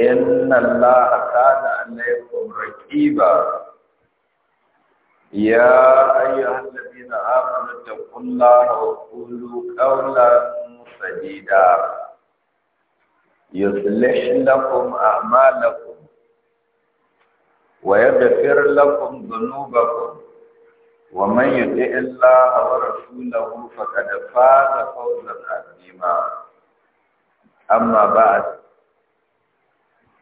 إن الله كان عليكم رقيبا يا أيها الذين آمنوا اتقوا الله وقولوا قولا سديدا يصلح لكم أعمالكم ويغفر لكم ذنوبكم ومن يطع الله ورسوله فقد فاز فوزا عظيما أما بعد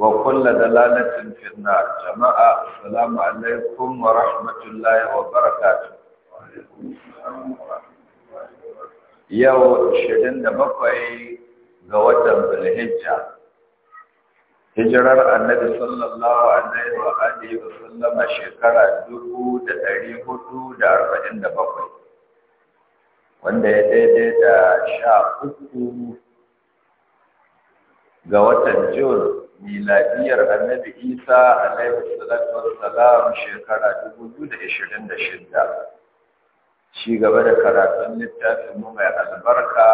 وكل دلالة في النار جماعة السلام عليكم ورحمة الله وبركاته يو شدن بقوي Hijrar بالهجة hijirar annabi sallallahu alaihi wa alihi wa sallama shekara dubu da ɗari hudu da arba'in da bakwai wanda ya daidai da sha uku ga watan jun miladiyar annabi isa alaihi salatu wassalam shekara dubu biyu da da ashirin shida. ci gaba da karatun littafin mu mai albarka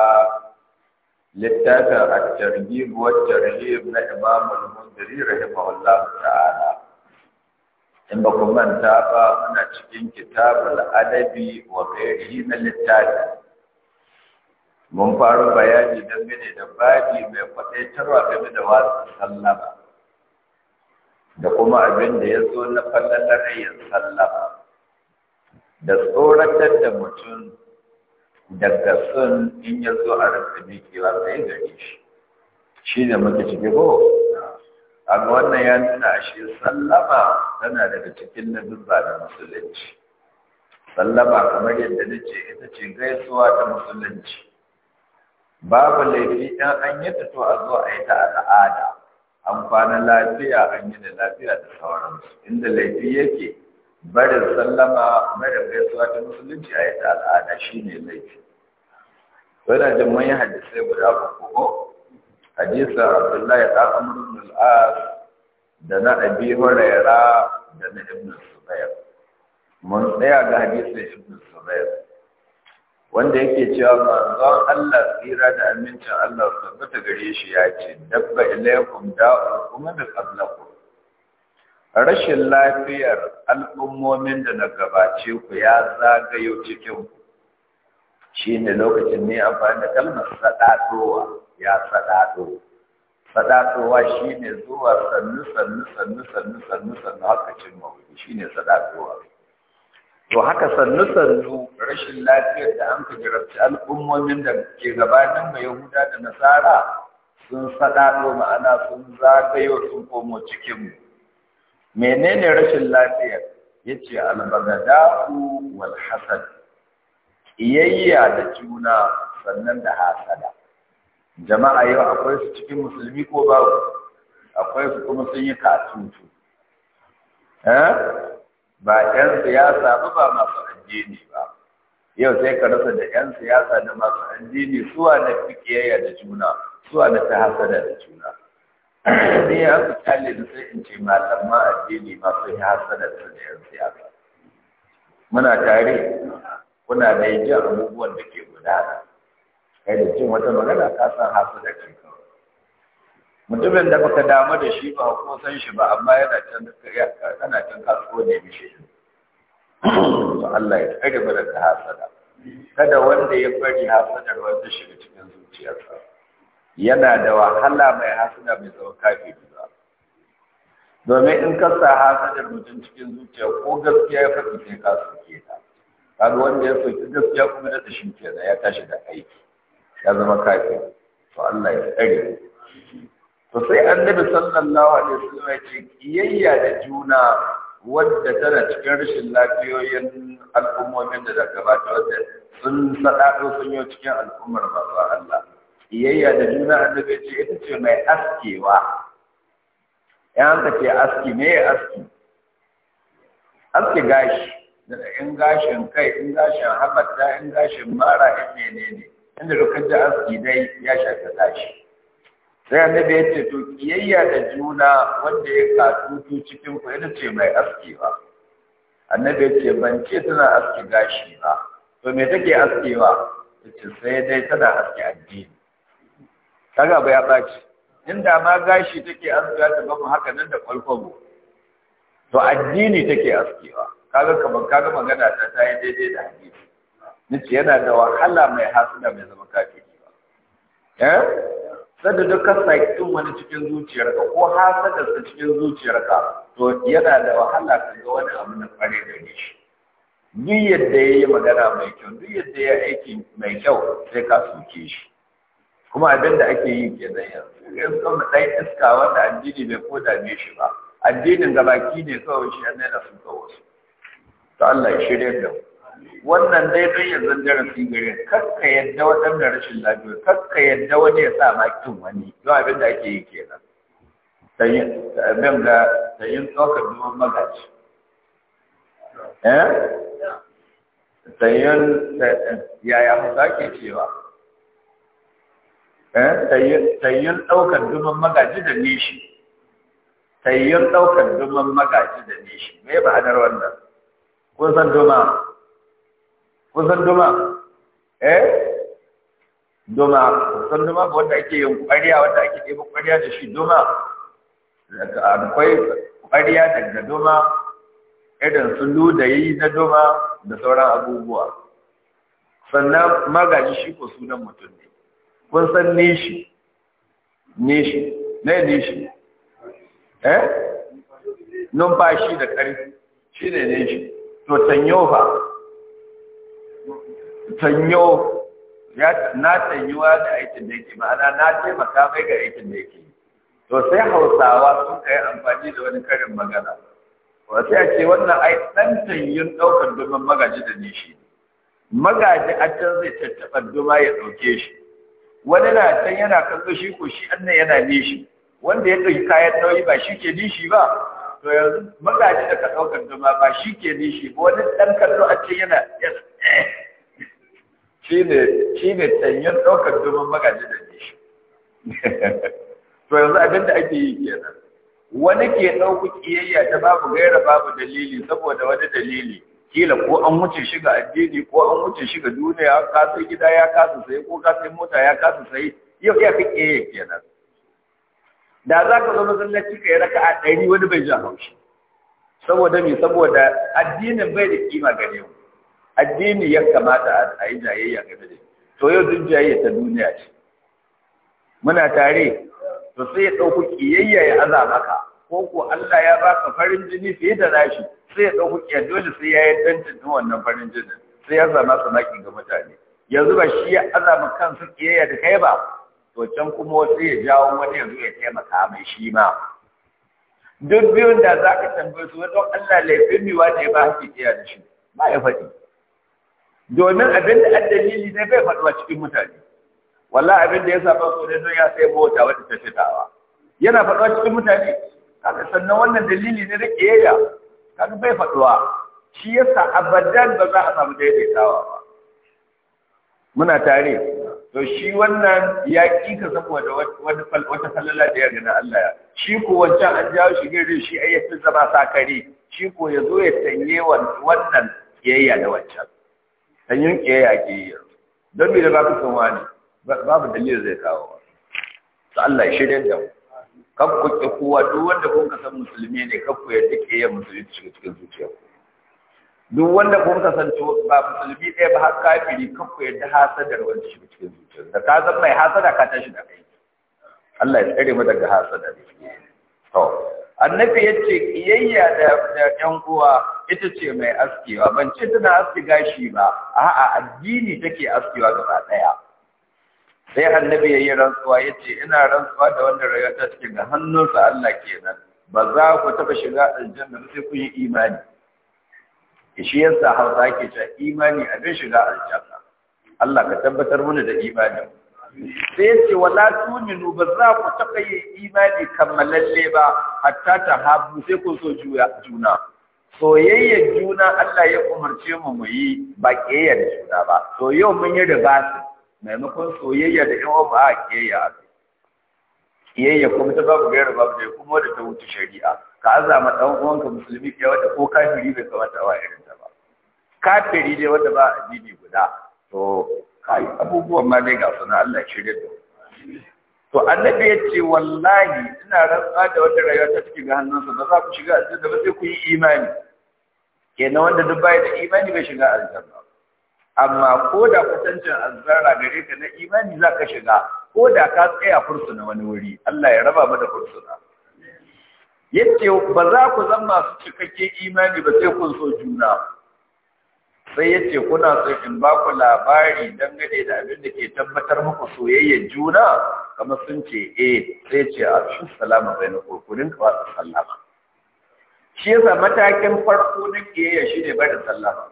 littafin a targhib wa tarhib na imam al-mundiri rahimahullah ta'ala in ba ku manta ba muna cikin kitabul adabi wa ghairihi na littafi mun faru bayani dangane da babi mai tarwa game da wasu sallama da kuma abin da ya zo na fallalar yin sallama da tsoratar da mutum daga sun in ya zo a rinka miƙewa sai gare shi shi ne muke ciki ko amma wannan ya nuna shi sallama tana daga cikin na ladubba da musulunci sallama kamar yadda nace ita ce gaisuwa ta musulunci babu laifi dan an yi ta to a zo a yi ta al'ada an kwana lafiya an yi da lafiya da sauransu inda laifi yake barin sallama barin gaisuwa ta musulunci a yi ta al'ada shine laifi wannan da mun yi hadisai guda uku ko hadisa Abdullahi da Amr ibn al-As da na Abi Hurairah da na Ibn Zubair mun tsaya ga hadisin Ibn Zubair wanda yake cewa manzon Allah tsira da amincin Allah su tabbata gare shi ya ce dabba ilaikum da'u kuma da qablakum rashin lafiyar al'ummomin da na gabace ku ya zagayo cikin ku Shi ne lokacin ne amfani da kalmar sadatowa ya sadato shi ne zuwa sannu sannu sannu sannu sannu sannu haka cin mawuyi ne sadatowa to haka sannu sannu rashin lafiyar da an kujirarci al'ummomin da ke gabanin mai yahuda da nasara sun saɗaɗo ma'ana sun zagayo sun komo cikinmu menene rashin lafiyar ya ce albagada'u wal Hassan. ƙiyayya da juna sannan da hasada jama'a yau akwai su cikin musulmi ko babu akwai su kuma sun yi katutu eh? ba 'yan siyasa ba ba masu addini ba yau sai ka rasa da 'yan siyasa da masu addini suwa na fikiyayya da juna suwa na ta hasada da juna ne ya fi kalli da sai in ce a addini masu ya hasada da da 'yan siyasa muna tare kuna da yin abubuwan da ke gudana kai da cin wata magana ka san hasada ce mutumin da baka damu da shi ba kuma san shi ba amma yana can kana can kasuwa ne mishi to Allah ya tsare mana da hasada kada wanda ya bari hasadar wanda shiga cikin zuciyarsa yana da wahala mai hasada mai zama kafi ba domin in ka sa hasada mutum cikin zuciya ko gaskiya ya faɗi sai ka soke ta kaga wanda ya soki gaskiya kuma da shi kenan ya tashi da aiki ya zama kafi to Allah ya tsare to sai annabi sallallahu alaihi wasallam ya ce kiyayya da juna wadda tana cikin rashin lafiyoyin al'ummomin da daga gabata wadda sun sadado sun yi cikin al'ummar masu Allah kiyayya da juna annabi ce ita ce mai askewa yan ta ce aski me ya aski aski gashi in gashin kai in gashin haɓata in gashin mara in menene inda dukkan da aski dai ya shafi gashi sai annabi ya ce to kiyayya da juna wanda ya tu cikin ku yana ce mai ba annabi ya ce ban ce tana aske gashi ba to me take ya ce sai dai tana aske addini kaga ba ya baci inda ma gashi take aski ta mu haka nan da mu to addini take ba kaga kamar kaga magana ta ta yi daidai da hadisi nace yana da wahala mai hasada mai zama kafiri ba eh sanda duk ka saki wani cikin zuciyarka ko su cikin zuciyarka to yana da wahala ka ga wani abu na kware da shi duk yadda ya yi magana mai kyau duk yadda ya aiki mai kyau sai ka soke shi kuma abin da ake yi ke zai yanzu yanzu mu ɗan iska wanda addini bai ko dame shi ba addinin gabaki ne kawai shi yana da suka wasu ta Allah ya shirya da mu wannan dai don ya zan darasi gare kakka yadda waɗanda rashin lafiya kakka yadda wani ya sa makin wani yau abin da ake yi kenan abin da ta yin magaji eh yaya hausa ke cewa eh ta yin ɗaukar magaji da nishi ta yin ɗaukar magaji da nishi mai ba'adar wannan kun san duma kusan duma eh duma kusan duma wanda ake yin kwariya wanda ake ɗeba kwariya da shi duma akwai kwariya daga duma irin su ludayi na duma da sauran abubuwa sannan magaji shi ko sunan mutum ne kun san nishi nishi ne nishi eh numfashi da ƙarfi shi ne nishi to tanyo ba. tanyo na tanyuwa da aikin da yake ma'ana na taimaka mai ga aikin da yake to sai hausawa sun kai amfani da wani karin magana wasu ya ce wannan ai ɗan tanyin daukar duman magaji da ne shi magaji a can zai tattaɓa duma ya dauke shi wani na can yana kallo shi ko shi annan yana nishi wanda ya ɗauki kayan nauyi ba shi ke nishi ba to yanzu magaji da ka daukar duma ba shi ke nishi ba wani ɗan kallo a can yana yana eh. shi ne tanyar ɗaukar domin magaji da ke shi to yanzu abinda ake yi kenan wani ke ɗauku kiyayya ta babu gaira babu dalili saboda wani dalili kila ko an wuce shi ga addini ko an wuce shi ga duniya ka sai gida ya kasa sai ko ka sai mota ya kasa sai yau ya fi yi kenan da za ka zo masallaci ka yi raka a ɗari wani bai ji haushi saboda me saboda addinin bai da kima gare mu addini ya kamata a yi jayayya game da to yau duk jayayya ta duniya ce muna tare to sai ya ɗauki kiyayya ya aza maka ko ko Allah ya baka farin jini fiye da nashi sai ya ɗauki kiyayya dole sai ya yi dantin wannan farin jinin sai ya zama tsanaki ga mutane yanzu ba shi ya aza ma kansa kiyayya da kai ba to can kuma wasu ya jawo wani yanzu ya taimaka mai shi ma duk biyun da za ka tambaye su wani Allah laifin miwa ne ba haƙi da shi ba ya faɗi domin abin da addalili ne bai faɗuwa cikin mutane walla abin da ya saba so ne don ya sai mota wata ta fitawa yana faɗuwa cikin mutane kaga sannan wannan dalili ne da kiyaya kaga bai faɗuwa shi yasa abadan ba za a samu daidaitawa ba muna tare to shi wannan ya ka saboda wani wata falala da ya gani Allah ya shi ko wancan an jawo shi gari shi ayyatin zama sakare shi ko ya zo ya sanye wannan kiyaya da wancan hanyar yin kiyaya ke yi don me da baka son wani babu dalilin zai kawo ba. to Allah ya shirye da mu kan ku ƙi kowa duk wanda kun ka san musulmi ne kan ku yadda kiyaya musulmi shiga cikin zuciya duk wanda kun ka san ba musulmi ɗaya ba kafiri kan ku yadda hasadar wanda shiga cikin zuciya da ka zan mai hasada ka tashi da kai Allah ya tsare mu daga hasada to annabi yace kiyayya da ƴan uwa ita ce mai askewa ban ce tana aske gashi ba a'a addini take askewa gaba daya sai annabi yayi rantsuwa yace ina rantsuwa da wanda rayuwa ta cikin ga hannunsa Allah kenan ba za ku taba shiga aljanna sai ku yi imani shi yasa Hausa ke cewa imani abin shiga aljanna Allah ka tabbatar mana da imani sai yace wala tuminu ba za ku taba yin imani kammalalle ba hatta ta habu sai ku so juna soyayyar juna Allah ya umarce mu mu yi ba ƙeya da juna ba to yau mun yi ribasi maimakon soyayya da yawa ba a ƙeya a ƙiyayya kuma ta babu gairar babu da kuma wadda ta wuce shari'a ka azama ɗan uwanka musulmi ke wadda ko kafiri bai kamata wa irin ta ba kafiri dai wadda ba a jini guda to kai abubuwan ma dai ga suna Allah ya shirya da to annabi ya ce wallahi ina rantsa da wata rayuwa ta cikin hannunsa ba za ku shiga aljanna ba sai ku yi imani kenan wanda duk bai da imani bai shiga aljanna amma ko da kusancin azzara gare ka na imani za ka shiga ko da ka tsaya fursuna wani wuri Allah ya raba mu da fursuna yace ba za ku zan masu cikakken imani ba sai kun so juna sai yace kuna so in ba ku labari dangane da abin da ke tabbatar muku soyayyar juna kamar sun ce eh sai ce a salamu bainakum kullun ka wa sallama shi yasa matakin farko na kiyayya shine da sallama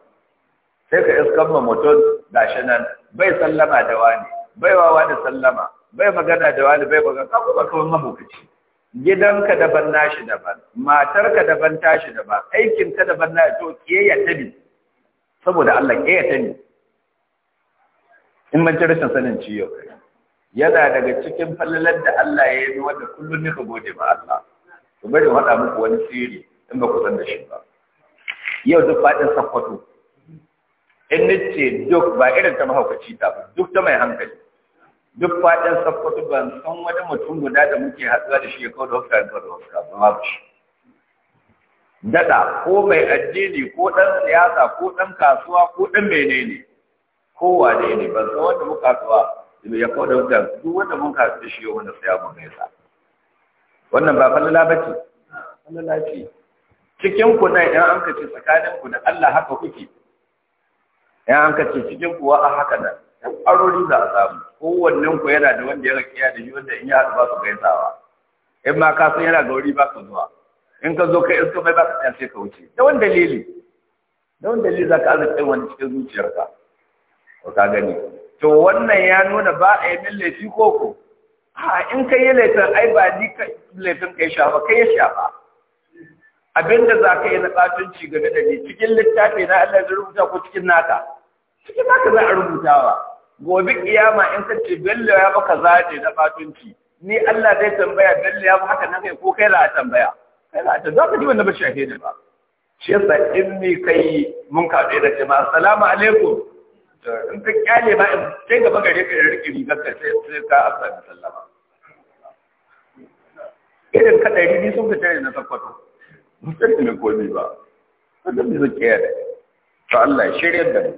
sai ka iskan ma mutum gashi nan bai sallama da wani bai wawa da sallama bai magana da wani bai magana ka kuma kawai Gidan gidanka daban nashi daban matarka daban tashi daban aikinka daban na to kiyayya ta ne saboda Allah kiyayya ta ne in man ci rashin sanin ciyo yana daga cikin fallalar da Allah ya yi wanda kullum ka gode ma Allah to bari mu haɗa muku wani sirri in ba ku san da shi ba yau duk faɗin sakkwato in ce duk ba irin ta mahaukaci ta ba duk ta mai hankali duk faɗin sakkwato ban san wani mutum guda da muke haɗuwa da shi ya kawo da wasu kayan da wasu ba shi daɗa ko mai addini ko ɗan siyasa ko ɗan kasuwa ko ɗan menene kowa ne ne ban san wanda muka kasuwa da ya kawo da wasu kayan duk wanda mun kasu da shi yau wanda saya mun gaisa wannan ba falala ba ce falala ce cikin ku nan idan an kace tsakanin ku da Allah haka kuke idan an kace cikin ku wa haka nan arori za a samu kowannen ku yana da wanda ya ya da shi wanda in ya haɗu ba su gaisawa in ma ka san yana ga wuri ba ka zuwa in ka zo ka iska mai ba ka tsaya ka wuce da wani dalili da wani dalili za ka arzikin wani cikin zuciyarka ko ka gani to wannan ya nuna ba a yi min laifi ko ko ha in ka yi laifin ai ba ni laifin ka shafa kai ya shafa abinda za ka yi na tsatunci ga da ni cikin littafi na Allah ya rubuta ko cikin naka cikin naka za a rubutawa gobe kiyama in ka ce bello ya baka zaje na tsatunci ni Allah zai tambaya bello ya haka na kai ko kai la a tambaya kai za ta za ka ji wannan ba shafe ne ba shi yasa in ni kai mun ka da ce ma assalamu alaikum in ka kyale ba in sai gaba gare ka da riƙe rigar ka sai sai ka afsa sallama irin kaɗari ni sun fita ne na sakwato mutum ne komi ba mutum ne zuke yare to Allah ya shirya da mu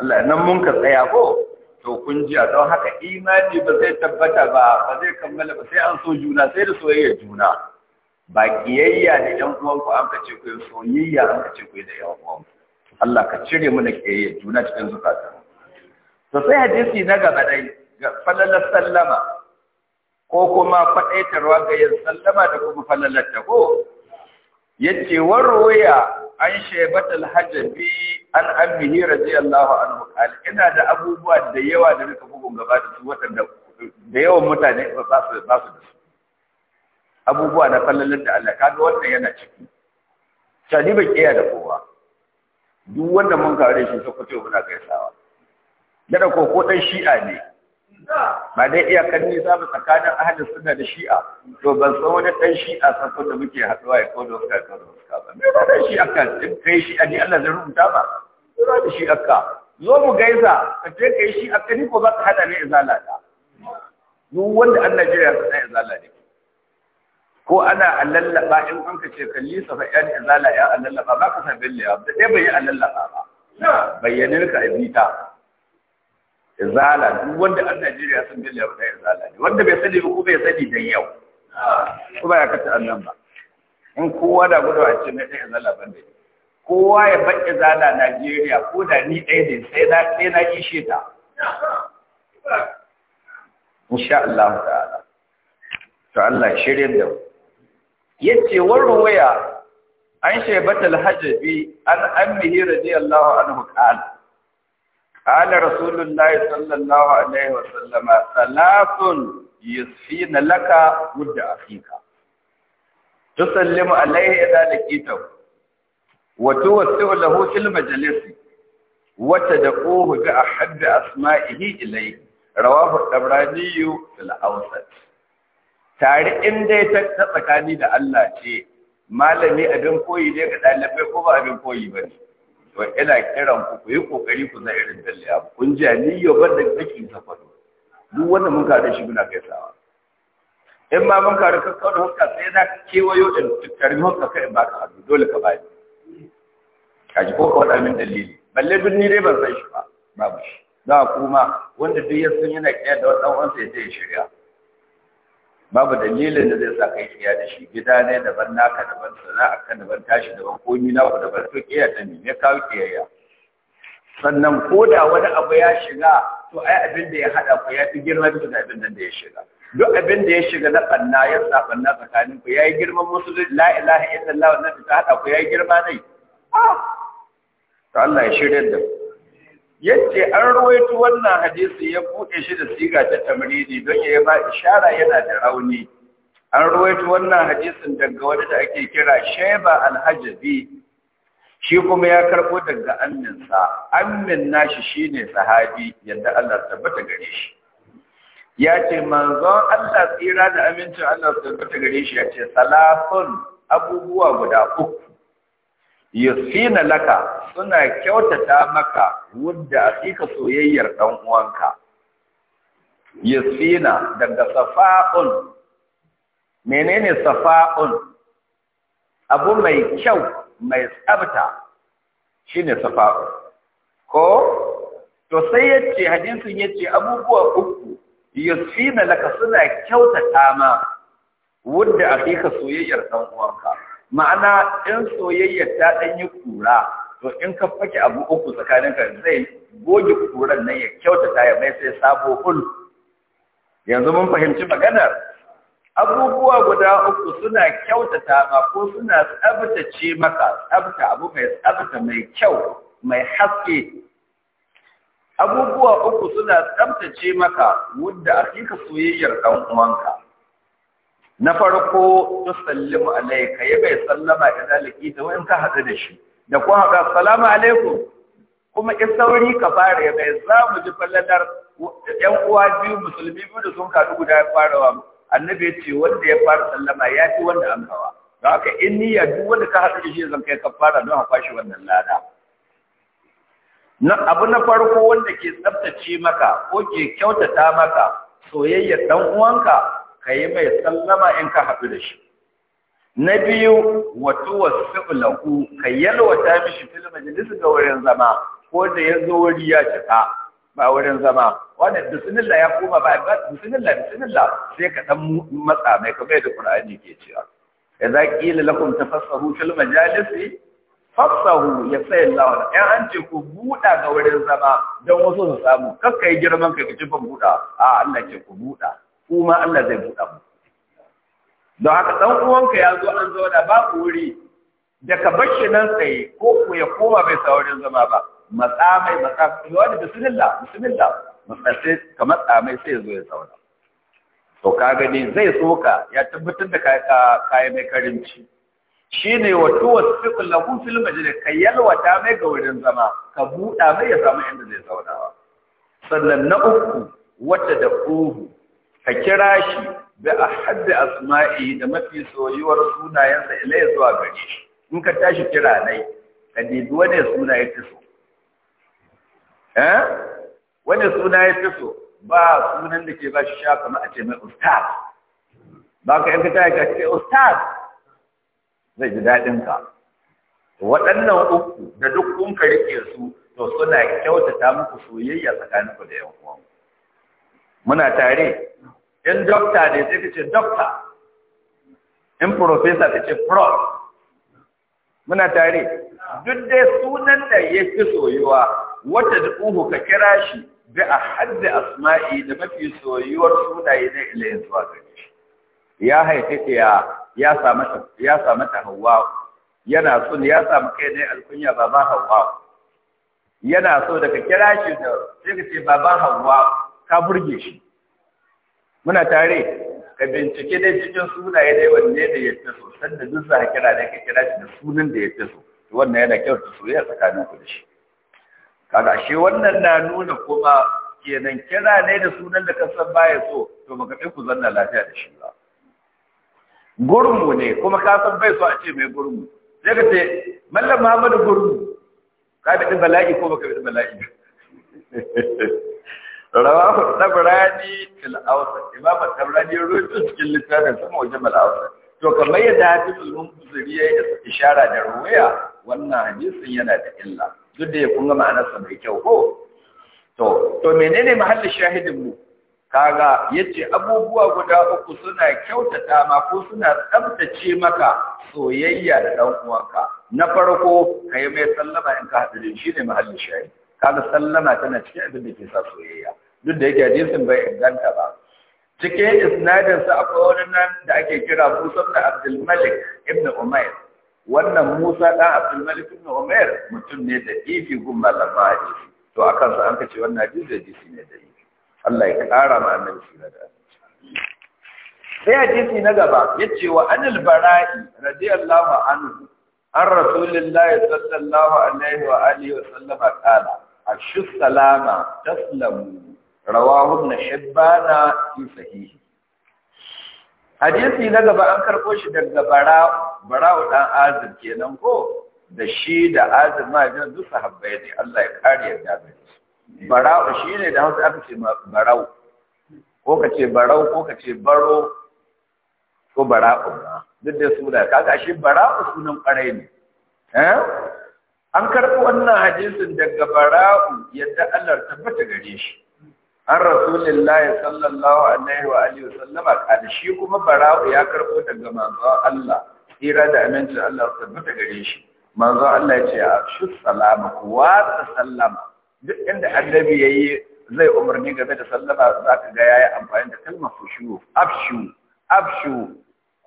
Allah ya nan mun ka tsaya ko to kun ji a don haka imani ba zai tabbata ba ba zai kammala ba sai an so juna sai da soyayya juna ba kiyayya da yan uwan ku an kace ku soyayya an kace ku da yan uwan Allah ka cire mu da kiyayya juna cikin zukata to sai hadisi na gaba dai ga fallalar sallama ko kuma faɗaitarwa ga yin sallama da kuma fallalar ta ko yace warwaya an shebatul hajabi an ammihi radiyallahu anhu kal ina da abubuwa da yawa da nake bugun gaba da su wadanda da yawan mutane ba su ba su da su abubuwa na fallalar da Allah kaga wannan yana ciki sadi ba kiyaye da kowa duk wanda mun kare shi sai ku ce muna gaisawa da ko ko dan shi'a ne ba dai iyakar nisa ba tsakanin ahalin suna da shi'a to ban san wani ɗan shi'a sakon da muke haɗuwa ya kodo ka kodo ka ba me ba dan shi'a ka in kai shi'a ni Allah zai rubuta ba me ba da shi'a ka zo mu gaisa ka je kai shi'a ka ni ko ba ka hada ne izala da duk wanda an Najeriya ka sai izala ne ko ana allallaba in an ka ce kalli sa fa yan izala ya allallaba ba ka san billahi da dai bai yi allallaba ba bayyanin ka a ibita izala duk wanda an Najeriya sun billa sai izala ne wanda bai sani ba ko bai sani dan yau ko ba ya kata annan ba in kowa da gudu a cikin sai izala ban da kowa ya bar izala Najeriya ko da ni ɗaya ne sai na sai na ishe ta insha Allah ta'ala to Allah shirye da yace warwaya an shaibatul hajji an ammihi radiyallahu anhu qala قال رسول الله صلى الله عليه وسلم ثلاث يسفين لك ود اخيك تسلم عليه اذا لقيته وتوسع له في المجلس وتدعوه باحد أسمائه إليه رواه الطبراني في الاوسط tare in dai ta tsakani da Allah ce malami abin koyi ne ga ɗalibai ko ba abin koyi ba ne to ina kiran ku ku yi kokari ku na irin dalle a kun ji ni yo ban da kake safaro duk wanda mun ka da shi muna gaisawa in ma mun kada ka kawo haka sai za ka kewayo da tattarin haka kai ba ka hadu dole ka ni. ka ji ko ka wada min dalili balle duk ni dai ban san shi ba babu shi da kuma wanda duk ya yana kiyar da wannan ɗan sai ya je shirya babu dalilin da zai sa kai kiya da shi gida ne daban naka daban sana'a ka daban tashi daban komi na ku daban to kiya ta ne me kawo kiyayya sannan ko da wani abu ya shiga to ai abin da ya hada ku ya fi girma da abin nan da ya shiga duk abin da ya shiga na banna ya sa banna tsakanin ku yayi girman musulunci la ilaha illallah wannan da ta hada ku yayi girma ne ah to Allah ya shirye da ku Yadda an rawaito wannan hadisi ya buɗe shi da siga ta tamridi don ya ba ishara yana da rauni an rawaito wannan hadisin daga wani da ake kira Shaiba alHajabi. hajabi shi kuma ya karbo daga amminsa ammin nashi shine sahabi yadda Allah tabbata gare shi ya ce manzon Allah tsira da amincin Allah tabbata gare shi ya ce salafun abubuwa guda uku yusina laka suna kyautata maka wanda akika soyayyar dan uwanka yusina daga safa'un menene safa'un abu mai kyau mai tsabta shine safa'un ko to sai yace hadisin yace abubuwa uku yusina laka suna kyautata ma wanda akika soyayyar dan uwanka ma'ana in soyayya ta ɗan yi kura to in ka fake abu uku tsakaninka zai goge kuran nan ya kyautata ya mai sai sabo kul yanzu mun fahimci maganar abubuwa guda uku suna ta ma ko suna tsabtace maka tsabta abu mai tsabta mai kyau mai haske abubuwa uku suna tsabtace maka wanda akika soyayyar ɗan uwanka na farko sallimu alayka ya bai sallama da likita da wani ka hadu da shi da ku haka assalamu alaikum kuma in sauri ka fara ya bai za mu ji fallalar yan uwa biyu musulmi biyu da sun kaɗu guda farawa annabi ya ce wanda ya fara sallama ya fi wanda an kawa don haka in niyya duk wanda ka haɗu da shi zan kai ka fara don a kwashe wannan lada abu na farko wanda ke tsaftace maka ko ke kyautata maka soyayyar dan uwanka ka yi mai sallama in ka haɗu da shi na biyu wato wasu lahu ka yalwata mishi fil majalis ga wurin zama ko da ya zo wuri ya cika ba wurin zama wanda bismillah ya koma ba bismillah bismillah sai ka ɗan matsa mai kamar yadda Qur'ani ke cewa Ya za ki qila lakum tafassahu fil majalis Fassahu, ya sai Allah Yan an ce ku buɗa ga wurin zama don wasu su samu yi girman ka ci ban buɗa a Allah ce ku buɗa kuma Allah zai buɗa mu don haka ɗan uwanka ya zo an zauna babu wuri da ka bar shi nan tsaye ko ku ya koma bai sa wurin zama ba matsa mai matsa yi wani bismillah bismillah matsatsi ka matsa mai sai ya zo ya zauna to ka gani zai so ka. ya tabbatar da ka yi mai karinci shi ne wato wasu fiƙin lagun filma jini ka yalwata mai ga wurin zama ka buɗa mai ya samu inda zai zaunawa sannan na uku wata da ƙuhu ka kira shi da ahadda asma'i da mafi soyuwar sunayensa ilai zuwa gari, in ka tashi kira nai ka dibi wani suna ya fi so eh? wani suna ya fi so ba sunan da ke ba shi sha a ce mai ustaz ba ka yanka ta ka ce ustaz zai ji daɗinka. ka waɗannan uku da duk kun ka rike su to suna kyautata muku soyayya tsakaninku da yan uwanku muna tare in dokta ne sai kace dokta in profesa ka ce prof muna tare duk dai sunan da ya fi soyuwa wata duhu ka kira shi bi a haddi asma'i da mafi soyuwar sunaye zai ilayin zuwa gare shi ya haife ta ya ya samu ta hawa yana so ya samu kai ne alkunya baban hawa yana so daga kira shi da sai ka ce baban hawa ka burge shi muna tare ka bincike dai cikin sunaye dai wanne da ya fi so sanda duk za ka kira da ka kira shi da sunan da ya fi so to wannan yana ta soyayya tsakanin ku da shi kaga shi wannan na nuna kuma kenan kira ne da sunan da ka san baya so to baka kai ku zanna lafiya da shi ba gurmu ne kuma ka san bai so a ce mai gurmu sai ka ce mallam Muhammadu gurmu ka bi bala'i ko baka bi bala'i rawa da fil awsat tabrani ya cikin littafin sama mujam al to kamar yadda hadithul munziri ya ishara da ruwaya wannan hadisin yana da illa duk da ya kunga ma'anarsa mai kyau ko to to menene mahallin shahidin mu kaga yace abubuwa guda uku suna kyautata ma ko suna tsabtace maka soyayya da dan uwanka na farko kai mai sallama in ka hadu da shi ne mahallin shahidi kada sallama tana cikin abin da ke sa soyayya duk da yake hadisin bai inganta ba cikin isnadin sa akwai wani nan da ake kira Musa da Abdul Malik ibn Umair wannan Musa da Abdul Malik ibn Umair mutum ne da ifi gumma da hadisi to akan sa an kace wannan hadisi hadisi ne da ifi Allah ya kara ma annabi shi da sai hadisi na gaba ce wa anil bara'i radiyallahu anhu an rasulillahi sallallahu alaihi wa alihi wa sallama qala ashu salama taslamu rawahu na hibbana fi sahihi hadisi na gaba an karɓo shi daga bara'u ɗan Azim kenan ko da shi da Azim ma jin duk sahabbai ne Allah ya kare ya da su bara'u shine da Hausa aka ce bara'u ko ka ce bara'u ko ka ce baro ko bara'u duk da su da kaga shi bara'u sunan ƙarai ne eh an karɓi wannan hadisin daga bara'u yadda Allah tabbata gare shi an rasulullahi sallallahu alaihi wa alihi sallama kada shi kuma bara'u ya karɓo daga manzon Allah tsira da aminci Allah tabbata gare shi manzo Allah ya ce a shi salama ku sallama duk inda annabi yayi zai umarni game da sallama zaka ga yayi amfani da kalmar fushu afshu afshu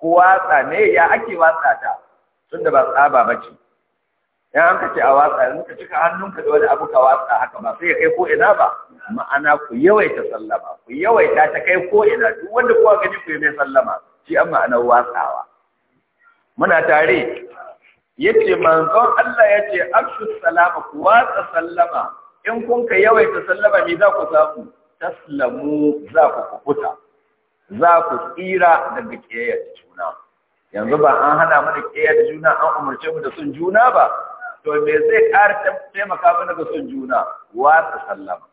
ku watsa ne ya ake watsa ta tunda ba tsaba bace ya an kace a watsa yanzu ka cika hannunka da wani abu ka watsa haka ba sai ya kai ko ina ba ma'ana ku yawaita sallama ku yawaita ta kai ko ina duk wanda kowa gani ku yi mai sallama shi an ma'anar watsawa muna tare yace manzon Allah yace afshu salama ku watsa sallama in kun ka yawaita sallama me za ku samu taslamu za ku kukuta za ku tsira daga ƙeyar juna yanzu ba an hana mana ƙeyar juna an umarce mu da sun juna ba to me zai ƙara taimaka mana ga son juna Wa ta sallama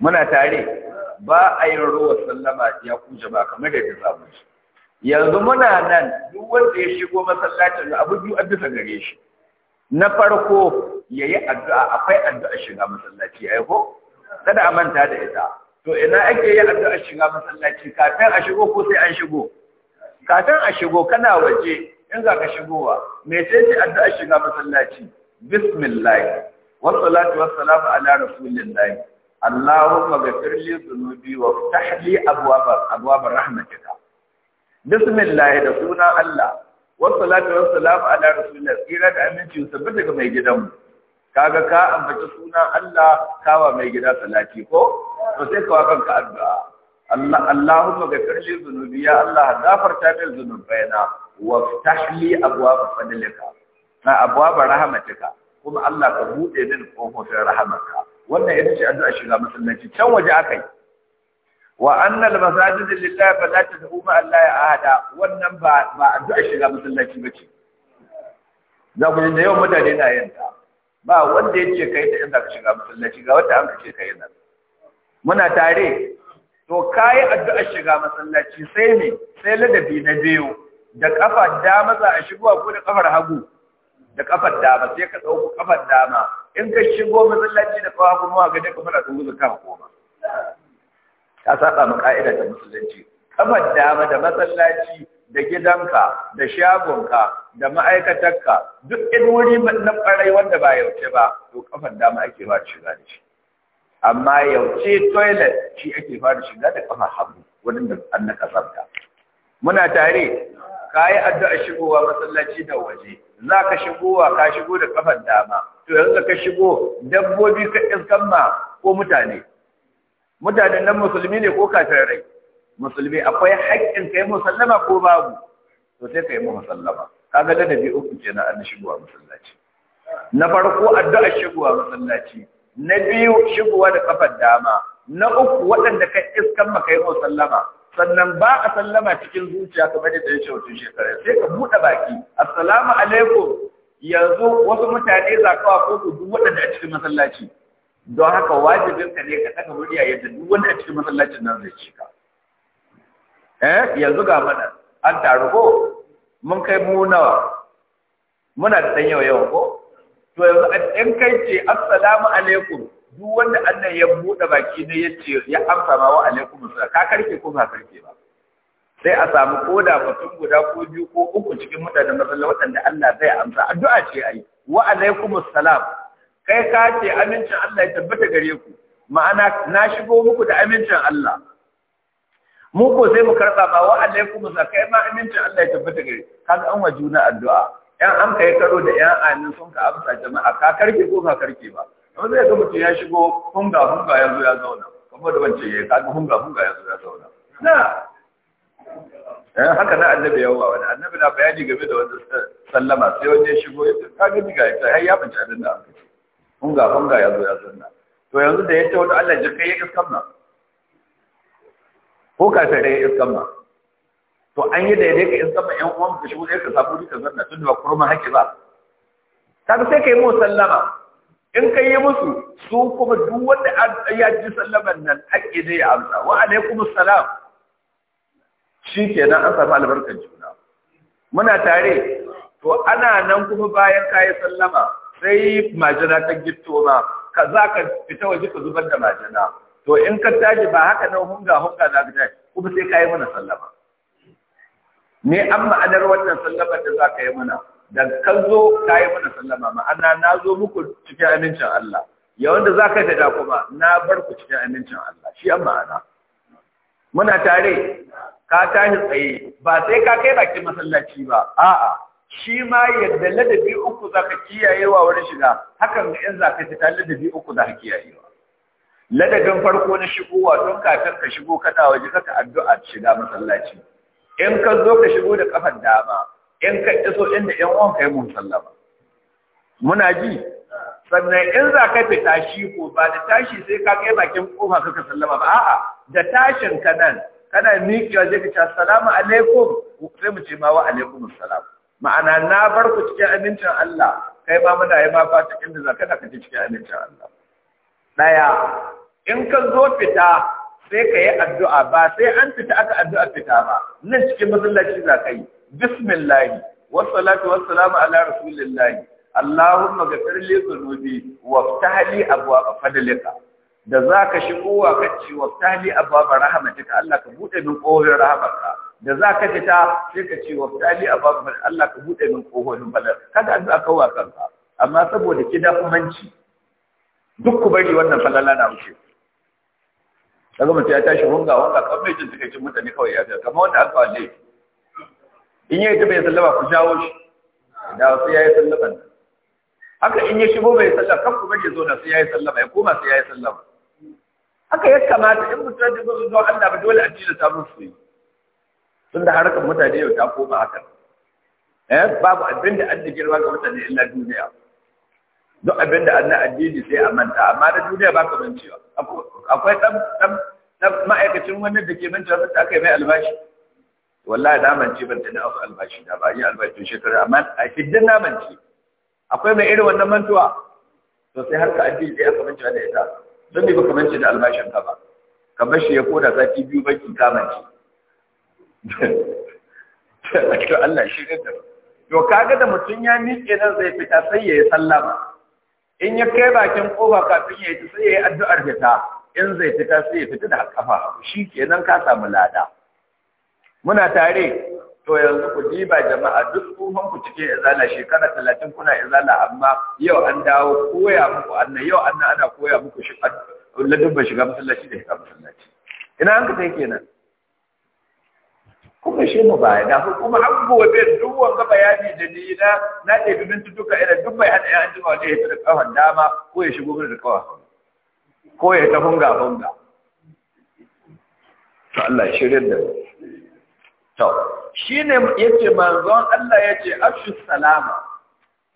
muna tare ba a yin ruwa sallama ya ku ba kamar da ta yanzu muna nan duk wanda ya shigo masallacin abu biyu a bisa gare shi na farko yayi addu'a akwai addu'a shiga masallaci ai ko kada a manta da ita to ina ake yi addu'a shiga masallaci kafin a shigo ko sai an shigo kafin a shigo kana waje in za ka shigowa mecece addu'a shiga masallaci bismillah wassalatu wassalamu ala rasulillah allahumma ghfir li dhunubi waftah li abwaba abwaba rahmatika bismillah da suna allah wassalatu wassalamu ala rasulillah kira da aminci sabbin daga mai gidanmu kaga ka ambaci sunan allah kawa mai gida salati ko to sai ka wa kanka addu'a Allah Allahumma ghafir li zunubi ya Allah gafarta min dhunubaina waftah li abwaab fadlika na abwaab rahmatika kuma Allah ka bude min kofofin rahmatka wannan ita ce addu'a shiga musulunci can waje akai wa anna al-masajid lillahi fala tad'u ma Allah ya ahada wannan ba ba addu'a shiga masallaci bace za ku da yawan mutane na yin ta ba wanda yake kai da inda ka shiga musulunci, ga wanda an ce kai nan muna tare to kayi addu'ar shiga masallaci sai ne sai ladabi na biyu da kafa dama za a shigo ko da kafar hagu da kafar dama sai ka dauko kafar dama in ka shigo masallaci da kafa hagu ma ga da kafar da guzu kan koma ka saba mu ka'ida ta musulunci kafar dama da masallaci da gidanka da shagonka da ma'aikatarka duk in wuri na ƙwarai wanda ba yauce ba to kafar dama ake ba shiga da shi amma yauce toilet shi ake fara shiga da kafa hagu wadanda da an na kasarta muna tare ka yi addu'a shigowa masallaci da waje za ka shigowa ka shigo da kafan dama to yanzu ka shigo dabbobi ka iskan ma ko mutane mutanen nan musulmi ne ko rai? musulmi akwai haƙƙin kai musallama ko babu to sai ka yi musallama kaga da dabi uku kenan an shigowa masallaci na farko addu'a shigowa masallaci na biyu shigowa da kafar dama na uku waɗanda ka iskan maka yi sallama sannan ba a sallama cikin zuciya kamar da ya ce wutun shekara sai ka buɗe baki assalamu alaikum yanzu wasu mutane za kawa ko ku duk waɗanda a cikin masallaci don haka wajibin ka ne ka saka murya yadda duk wanda a cikin masallacin nan zai cika eh yanzu ga mana an taru ko mun kai mu nawa muna da ɗan yau yau ko to yanzu in kai ce assalamu alaikum duk wanda Allah ya buɗe baki ne ya ce ya amsa ma wa alaikum assalam ka karke ko ba karke ba sai a samu ko da mutum guda ko biyu ko uku cikin mutanen masallaci waɗanda Allah zai amsa addu'a ce ai wa alaikum assalam kai ka ce amincin Allah ya tabbata gare ku ma'ana na shigo muku da amincin Allah mu ko sai mu karɓa ma wa alaikum assalam kai ma amincin Allah ya tabbata gare ka ga an wa juna addu'a yan an kai karo da yan amin sun ka amsa jama'a ka karke ko ka karke ba amma zai ga mutum ya shigo hunga hunga ya zo ya zauna kuma da wance ya kaga hunga hunga ya zo ya zauna na eh haka na annabi yawa wani annabi na bayani game da wanda sallama sai wani ya shigo ya kaga diga ya sai ya bace abin da aka ce hunga hunga ya zo ya zauna to yanzu da ya ce wani Allah jikai ya iskamna ko kafirai ya iskamna to an yi daidai ka in sama 'yan uwan ka shigo ka samu duka zanna tun da ba kurma haƙƙi ba kaga sai kai mu sallama in kai yi musu su kuma duk wanda ya ji sallaman nan haƙƙi ne ya amsa wa alaikum assalam nan an samu albarkar juna muna tare to ana nan kuma bayan kayi sallama sai majina ta gito ma ka za ka fita waje ka zubar da majina to in ka tashi ba haka nan hunga hunga za ka kuma sai kayi mana sallama me an ma'anar wannan sallamar da za ka yi mana da ka zo ka yi mana sallama ma'ana na zo muku cikin amincin Allah yawanda da za ka tada kuma na bar ku cikin amincin Allah shi an ma'ana muna tare ka tashi tsaye ba sai ka kai bakin masallaci ba a'a shi ma yadda ladabi uku za ka kiyaye wa wani shiga hakan ga yan zaka ta ladabi uku za ka kiyaye wa ladabin farko na shigowa don kafin ka shigo kana waje kaka addu'a shiga masallaci in ka zo ka shigo da kafan dama in ka iso inda yan uwan ka yi mun sallama muna ji sannan in za ka fita shi ko ba da tashi sai ka kai bakin kofa kaka sallama ba a'a da tashin ka nan kana miƙewa zai ka ce assalamu alaikum sai mu ce ma wa alaikum assalam ma'ana na bar ku cikin amincin Allah kai ma muna yi ma fata inda za ka ci cikin amincin Allah daya in ka zo fita sai ka yi addu'a ba sai an fita aka addu'a fita ba nan cikin masallaci za ka yi bismillahi wasu salamu ala rasulillahi allahumma ghafir li dhunubi hali abuwa a fadalika da za ka shigo wa kace hali abuwa ba rahmatika Allah ka buɗe min ƙohon rahamarka da za ka fita sai ka ce waftah li abwaab Allah ka buɗe min ƙohon balal kada addu'a kawa kanka amma saboda manci, duk ku bari wannan falala na wuce daga mutum ya tashi hunga hunga kan mai jin takaicin mutane kawai ya tsaya kamar wanda aka walle in yi yayi tafiya sallama ku jawo shi da ya yi sallama haka in ya shigo bai sallama kan ku ke zo su ya yi sallama ya koma ya yi sallama haka ya kamata in mutum ya zo zuwa Allah ba dole a da ta su yi da harkar mutane yau ta koma haka eh babu abin da an girma ga mutane illa duniya duk abin da annan addini sai a manta amma da duniya ba ka mancewa akwai dan dan ma'aikacin wannan da ke minti wasu ta aka yi mai albashi wallahi na manci ban tana wasu albashi da ba yi albashin shekaru. amma a shiddin na manci akwai mai irin wannan mantuwa to sai har ka addini sai aka mance da ita don bai baka mance da albashin ka ba ka bar shi ya koda sati biyu banki ka manci to Allah shi ne da to kaga da mutum ya miƙe nan zai fita sai ya yi sallama in ya kai bakin kofa kafin ya yi sai ya yi addu'ar fita in zai fita sai ya fita da kafa shi kenan ka samu lada muna tare to yanzu ku diba jama'a duk tsohon ku cike izala shekara talatin kuna izala amma yau an dawo koya muku annan yau annan ana koya muku shi ladubban shiga masallaci da shiga masallaci ina an ka kai kenan kuma shi mu baya da kuma an gobe duk wanga bayani da ni na na ɗebi mintutuka irin duk bai hada ya an jima wanda ya fi da kawon dama ko ya shigo min da kawon ko ya ta hunga hunga to Allah ya shirye da ne ya yace manzon Allah yace afshu salama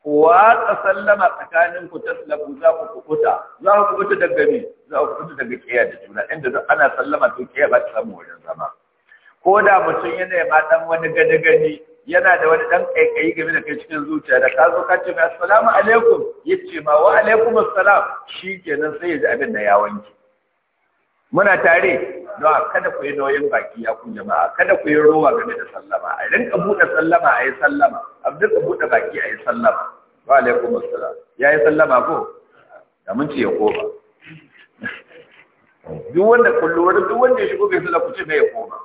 wa ta sallama tsakanin ku taslamu za ku kukuta za ku kukuta daga ne za ku kukuta daga kiyaye da juna inda ana sallama to kiyaye ba ta samu wajen zama ko da mutum yana ma ɗan wani gani gani yana da wani ɗan ƙaiƙayi game da kai cikin zuciya da ka zo ka ce mai assalamu alaikum ya ce ma wa alaikum assalam shi kenan sai ya ji abin da ya wanke muna tare don kada ku yi nauyin baki ya kun jama'a kada ku yi rowa game da sallama a ka buɗe sallama a yi sallama a ka buɗe baki a yi sallama wa alaikum assalam ya yi sallama ko da mun ce ya koma duk wanda kullu duk wanda ya shigo bai sallama ku ce mai ya koma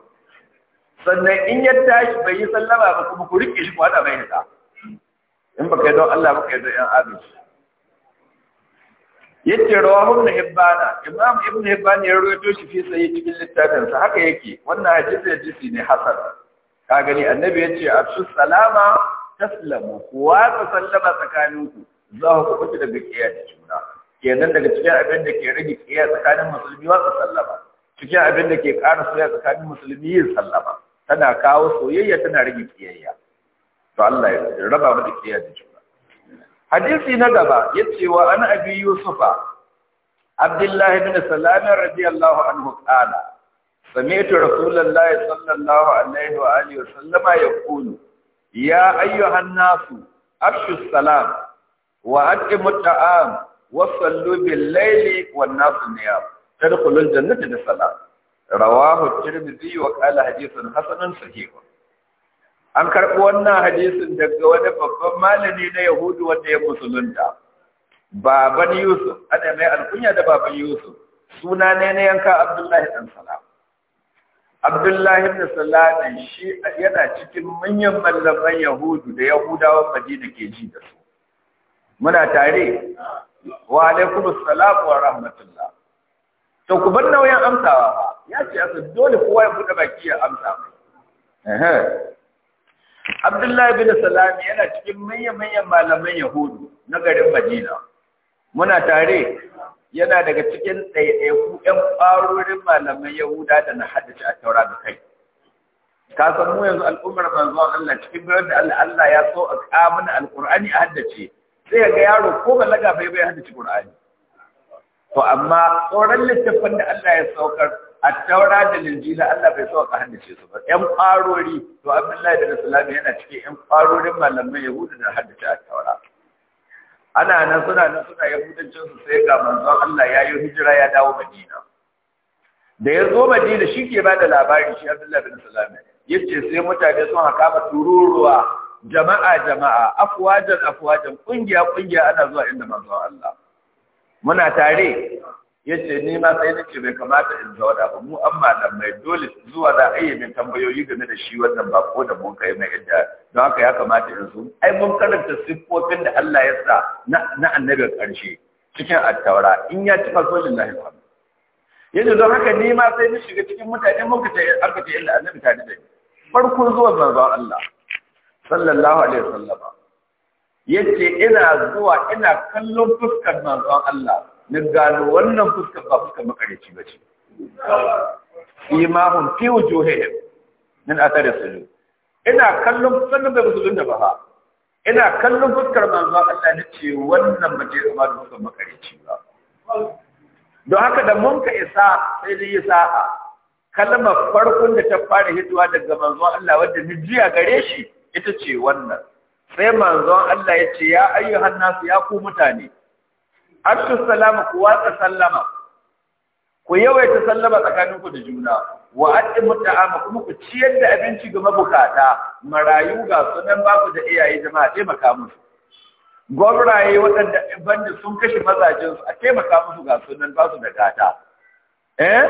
sannan in ya tashi bai yi sallama ba kuma ku rike shi ku hada mai hita in ba kai don Allah ba kai don yan adalci yace rawahun na hibbana imam ibn hibban ya rawaito shi fi sahih cikin littafin sa haka yake wannan hadisi hadisi ne hasan ka gani annabi yace afshu salama taslamu wa ta sallama tsakaninku za ku kuɓuta daga kiyaye juna kenan daga cikin abin da ke rage kiyaye tsakanin musulmi wa sallama cikin abin da ke ƙara soyayya tsakanin musulmi yin sallama tana kawo soyayya tana rage kiyayya to Allah ya raba mata da kiyayya da juna hadisi na gaba yace wa ana abi yusufa abdullah ibn salam radiyallahu anhu qala سمعت رسول الله صلى الله عليه وآله وسلم يقول يا أيها الناس أبشوا السلام وأتموا الطعام وصلوا بالليل والناس نيام تدخلوا الجنة Salam. rawahu tirmidhi wa qala hadithun hasanun sahih an karɓi wannan hadisin daga wani babban malami na yahudu wanda ya musulunta baban yusuf ana mai alkunya da baban yusuf suna ne na yanka abdullahi dan salam abdullahi ibn salam shi yana cikin manyan mallaman yahudu da yahudawan madina ke ji da su muna tare wa alaikum assalam wa rahmatullah to ku bar nauyin amsawa ya ce aka dole kowa ya buɗe baki ya amsa mai Abdullahi bin Salami yana cikin manya-manyan malaman Yahudu na garin Madina. Muna tare yana daga cikin ɗaiɗaiku ‘yan ɓarorin malaman Yahuda da na haddace a taura da kai. Ka san mu yanzu al'ummar manzon Allah cikin biyar da Allah ya so a kamun alƙur'ani a haddace. Sai ga yaro ko balaga bai bai haddace Ƙur'ani. to amma tsoron littafin da Allah ya saukar a taura da linjila Allah bai sauka ce su ba ƴan ƙwarori to Abdullahi da Rasulami yana cikin ƴan ƙwarorin ya Yahudu da ce a taura ana nan suna nan suna yahudancin su sai ga manzon Allah ya yi hijira ya dawo Madina da ya zo Madina shi ke ba da labari shi Abdullahi bin ya ce sai mutane sun haka tururuwa jama'a jama'a afuwajen-afuwajen ƙungiya-ƙungiya ana zuwa inda manzon Allah muna tare ya ce ni ma sai nake bai kamata in zauna ba mu an mai dole zuwa za a yi min tambayoyi game da shi wannan ba ko da mun kai mai yadda don haka ya kamata in zo ai mun karanta siffofin da Allah ya sa na annabin ƙarshe cikin attaura in ya ci fasolin lahi yanzu don haka ni ma sai ni shiga cikin mutane mun ka ce arka ce illa annabi ta da farkon zuwa manzon Allah sallallahu alaihi wasallam yace ina zuwa ina kallon fuskar manzon Allah na gano wannan fuskar ba fuskar makareci bace imahun fi wujuhihim min athar sujud ina kallon fuskar da musulun da ba ina kallon fuskar manzon Allah nace wannan ba ce da fuskar makareci ba don haka da mun ka isa sai da yi sa'a kalmar farkon da ta fara hitowa daga manzon Allah wanda ni jiya gare shi ita ce wannan sai manzon Allah ya ce ya ayyuhan hannasu ya ku mutane afshu salama ku watsa sallama ku yawaita sallama tsakaninku da juna wa addimu mutaama kuma ku ciyar da abinci ga mabukata marayu ga sunan ku da iyaye jama'a taimaka musu gwabraye waɗanda banda sun kashe mazajensu a taimaka musu ga sunan su da gata eh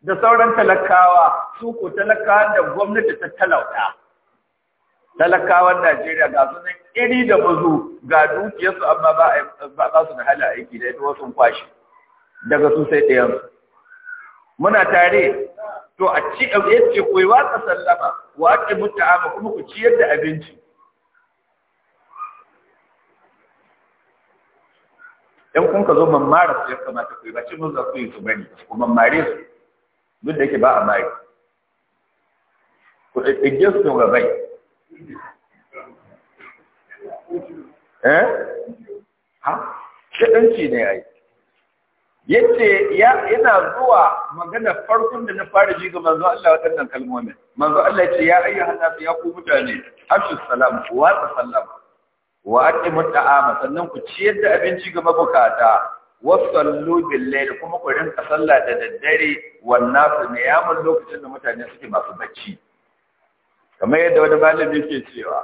da sauran talakawa su ko talakawa da gwamnati ta talauta talakawan Najeriya ga su nan iri da bazu ga dukiyarsu amma ba a ba su da hala aiki da ita wasu kwashi daga su sai ɗayan muna tare to a ci a ce koyi wa ka sallama wa ake mutta'ama kuma ku ciyar da abinci ɗan kun ka zo mammara su ya kamata ku yi ba mun zafi yi su bari, ku mammare su duk da yake ba a mari ku ɗaɗɗage su ga bai eh ha ne ai yace ya yana zuwa magana farkon da na fara ji ga manzo Allah waɗannan kalmomin manzo Allah yace ya ayyuha nasu ya ku mutane afshu salam wa sallama wa aqimu ta'ama sannan ku ciyar da abinci ga mabukata wa sallu bil layl kuma ku rinka sallah da daddare wannan ne ya mun lokacin da mutane suke masu bacci kamar yadda wani malami ke cewa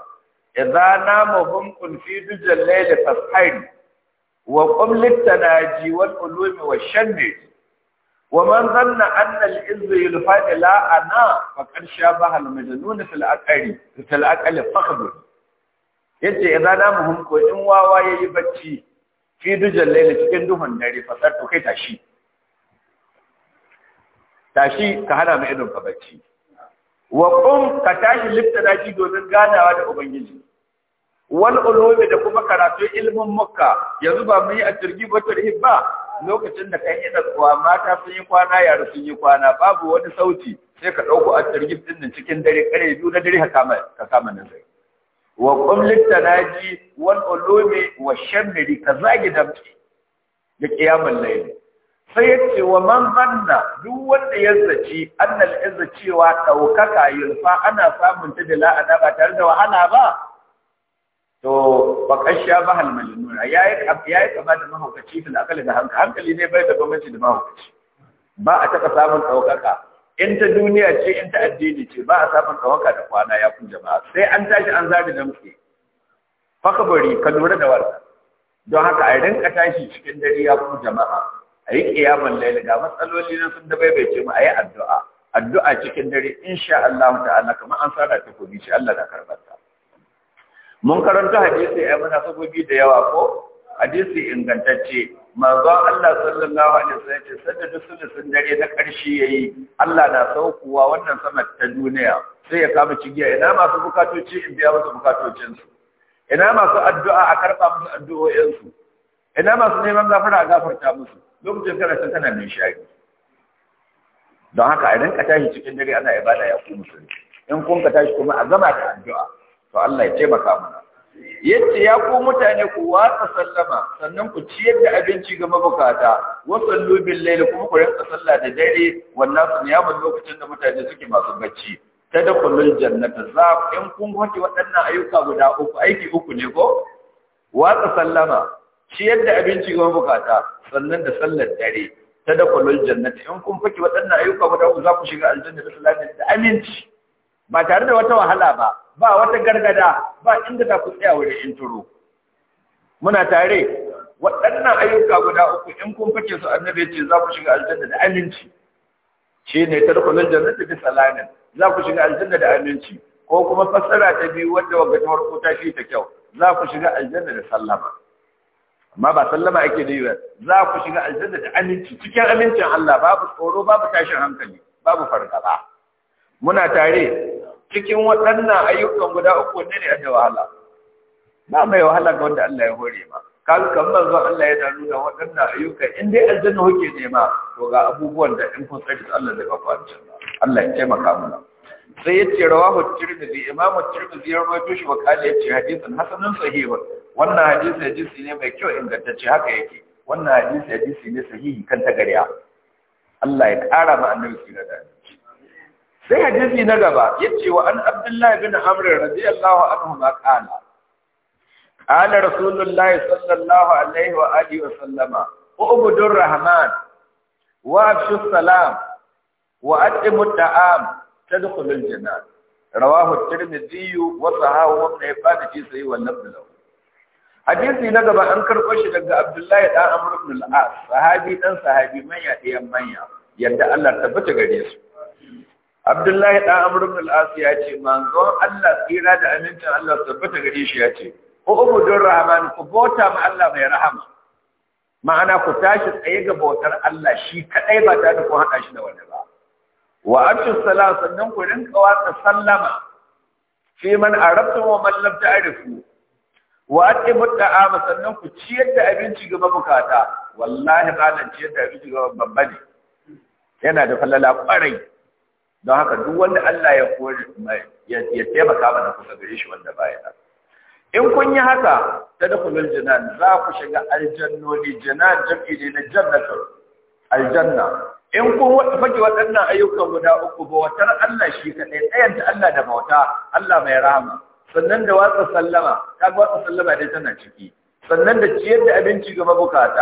idza namuhum kun fi dujal layli fasahid wa qum litanaji wal ulum wa shanni wa man dhanna anna al izzu yulfad la ana faqad shabaha al majnun fil aqli fil aqli fakhd yace idza namuhum ko in wawa yayi bacci fi dujal layli cikin duhun dare fasar to kai tashi tashi ka hada mai idon ka bacci wa kun ka tashi ji domin ganawa da ubangiji wal ulumi da kuma karatu ilmin makka yanzu ba mu yi a turgi ba ba lokacin da kai yi tsakuwa mata sun yi kwana yara sun yi kwana babu wani sauti sai ka ɗauko a turgi din nan cikin dare kare biyu na dare ka kama ka kama nan sai wa qum litanaji wal ulumi wa shamri ka zagi damti da qiyamul layl sai ya ce wa man zanna duk wanda ya zaci annal izza cewa ɗaukaka yulfa ana samun ta da la'ana ba tare da wahala ba to ba kashiya ba halmalin yayi yayi kama da mahaukaci fil akali da hankali hankali ne bai da gwamnati da mahaukaci ba a taka samun ɗaukaka in ta duniya ce in ta addini ce ba a samun daukaka da kwana ya kun jama'a sai an tashi an zabi damtse fakabari ka lura da wannan don haka a rinka tashi cikin dare ya kun jama'a a yi kiyaman laila ga matsaloli na sun ce mu a yi addu'a addu'a cikin dare insha Allah ta'ala kamar an sada ta gobe shi Allah na karɓar mun karanta hadisi ai muna sabobi da yawa ko hadisi ingantacce manzon Allah sallallahu alaihi wasallam ce da duk sun dare na karshe yayi Allah na saukuwa wannan sama ta duniya sai ya kama cigiya ina masu bukatoci in biya musu bukatocinsu ina masu addu'a a karɓa musu addu'o'insu ina masu neman gafara a gafarta musu lokacin kana can tana mai shari don haka a ka tashi cikin dare ana ibada ya ku musulmi in kun ka tashi kuma a gama da addu'a to Allah ya taimaka mana yace ya ku mutane ku watsa sallama sannan ku ciyar da abinci ga mabukata wa sallu bil layl kuma ku rinka sallah da dare wannan sun yaman lokacin da mutane suke masu bacci tadkhulul jannata za in kun hoki waɗannan ayyuka guda uku aiki uku ne ko wasa sallama ciyar da abinci ga mabukata sannan da sallar dare ta da kwallon jannata in kun faki waɗannan ayyuka guda uku za ku shiga aljanna da salamin da aminci ba tare da wata wahala ba ba wata gargada ba inda za ku tsaya wuri in turo muna tare waɗannan ayyuka guda uku in kun fake su annabi ce za ku shiga aljanna da aminci shi ne ta da kwallon jannata da salamin za ku shiga aljanna da aminci ko kuma fassara ta biyu wanda wagatawar ta ta fi ta kyau za ku shiga aljanna da sallama amma ba sallama ake da ba, za ku shiga aljanna da aminci cikin amincin Allah babu tsoro babu tashin hankali babu fargaba muna tare cikin waɗannan ayyukan guda uku wanne ne ake wahala ba mai wahala ga wanda Allah ya hore ma kaga kan manzo Allah ya danu da waɗannan ayyuka in dai aljanna kuke nema to ga abubuwan da in kun tsaki Allah zai ba ku aljanna Allah ya taimaka mana sai ya ce da tirmidhi imam tirmidhi ya rufe shi wakali ya ce hadisin hasanun sahihu wannan hadisi hadisi ne mai kyau ingantacce haka yake wannan hadisi hadisi ne sahihi kan ta gariya Allah ya kara ma annabi su da sai hadisi na gaba ce wa an abdullahi bin amr radiyallahu anhu ma kala. qala rasulullahi sallallahu alaihi wa alihi wa sallama ubudur rahman wa salam wa atimu ta'am tadkhulul jannah rawahu at-tirmidhi wa sahahu ibn hibban fi sahih wa lafz hadisi na gaba an karɓo shi daga abdullahi dan amr ibn al-as sahabi dan sahabi manya ɗayan manya yadda Allah tabbata gare su abdullahi dan amr ibn al-as ya ce manzon Allah tsira da amincin Allah tabbata gare shi ya ce ku ubudur rahman ku bota ma Allah mai rahama ma'ana ku tashi tsaye ga bautar Allah shi kadai ba ta da ku hada shi da wani wa abshu salat sannan ku rinka watsa sallama fi man arabtum wa man lam ta'rifu wa atimu ta'ama sannan ku ciyar da abinci ga mabukata wallahi qalan ciyar da abinci ga babba ne yana da fallala kwarai don haka duk wanda Allah ya kore ya taimaka mana kuka gare shi wanda baya da. in kun yi haka da tadkhulul janan za ku shiga aljannoli jam'i ne na jannatu aljanna in kun fage waɗannan ayyukan guda uku bautar Allah shi kaɗai tsayanta Allah da bauta Allah mai rahama sannan da watsa sallama ta ga watsa sallama dai tana ciki sannan da ciyar da abinci ga mabukata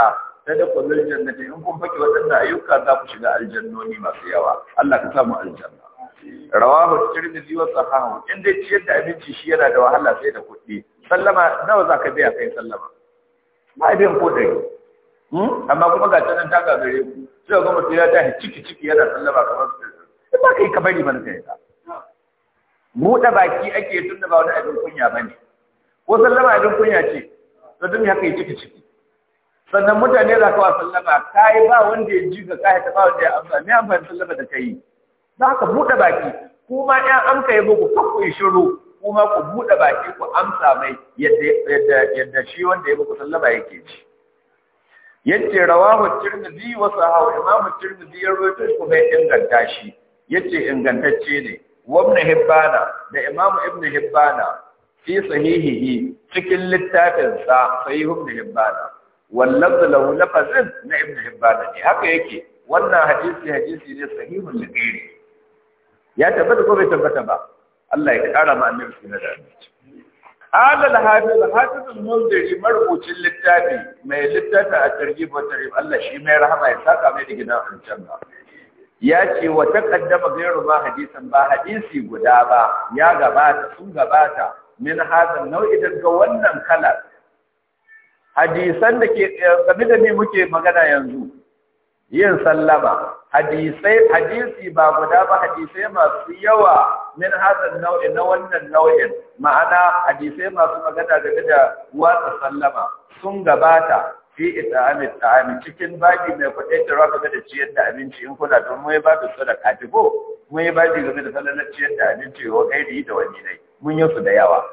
ta da kullun jannati in kun fage waɗannan ayyuka za ku shiga aljannoni masu yawa Allah ka samu aljanna rawahu tirmidhi wa sahahu in dai ciyar da abinci shi yana da wahala sai da kuɗi sallama nawa za ka biya kai sallama ba biyan ko dai hmm? amma kuma ga tanan ta gagare ku sai ga mutum ya tashi ciki ciki yana sallama kamar su ba kai kamar bari mana kai ka buɗe baki ake tunda ba wani abin kunya bane ko sallama abin kunya ce to dun haka yi ciki ciki sannan mutane za ka wa sallama kai ba wanda ya ji ka kai ta ba wanda ya amsa ne amfani sallama da kai za ka buɗe baki kuma ɗan amka ya bugu kakku yi shiru kuma ku buɗe baki ku amsa mai yadda shi wanda ya muku sallama yake ci yace rawahu tirmidhi wa sahahu imam tirmidhi ya rawaito shi kuma ya inganta shi yace ingantacce ne wa ibn hibbana da imam ibn hibbana fi sahihihi cikin littafin sa sahih ibn hibbana wallaf lahu lafazin na ibn hibbana ne haka yake wannan hadisi hadisi ne sahihun lagairi ya tabbata ko bai tabbata ba Allah ya kara ma annabi sallallahu da wasallam alal hafiz hafizun al marubucin littafi mai littafi a jirgin wa tarjib Allah shi mai rahama ya saka mai da gidan ba. ya ce wa kaddama ghayru ma hadisan ba hadisi guda ba ya gabata sun gabata min hadan nau'i daga wannan kalar hadisan da ke eh, game da ne muke magana yanzu yin sallama hadisai hadisi ba guda ba hadisai masu yawa min hadan nau'in na wannan nau'in ma'ana hadisai masu magana daga da watsa sallama sun gabata fi ita'ami ta'ami cikin babi mai kuɗe da rafa da ciyar da abinci in kula don mu yi babu su da katibo mu yi babi game da sallar ciyar da abinci ko kai da wani ne mun yi su da yawa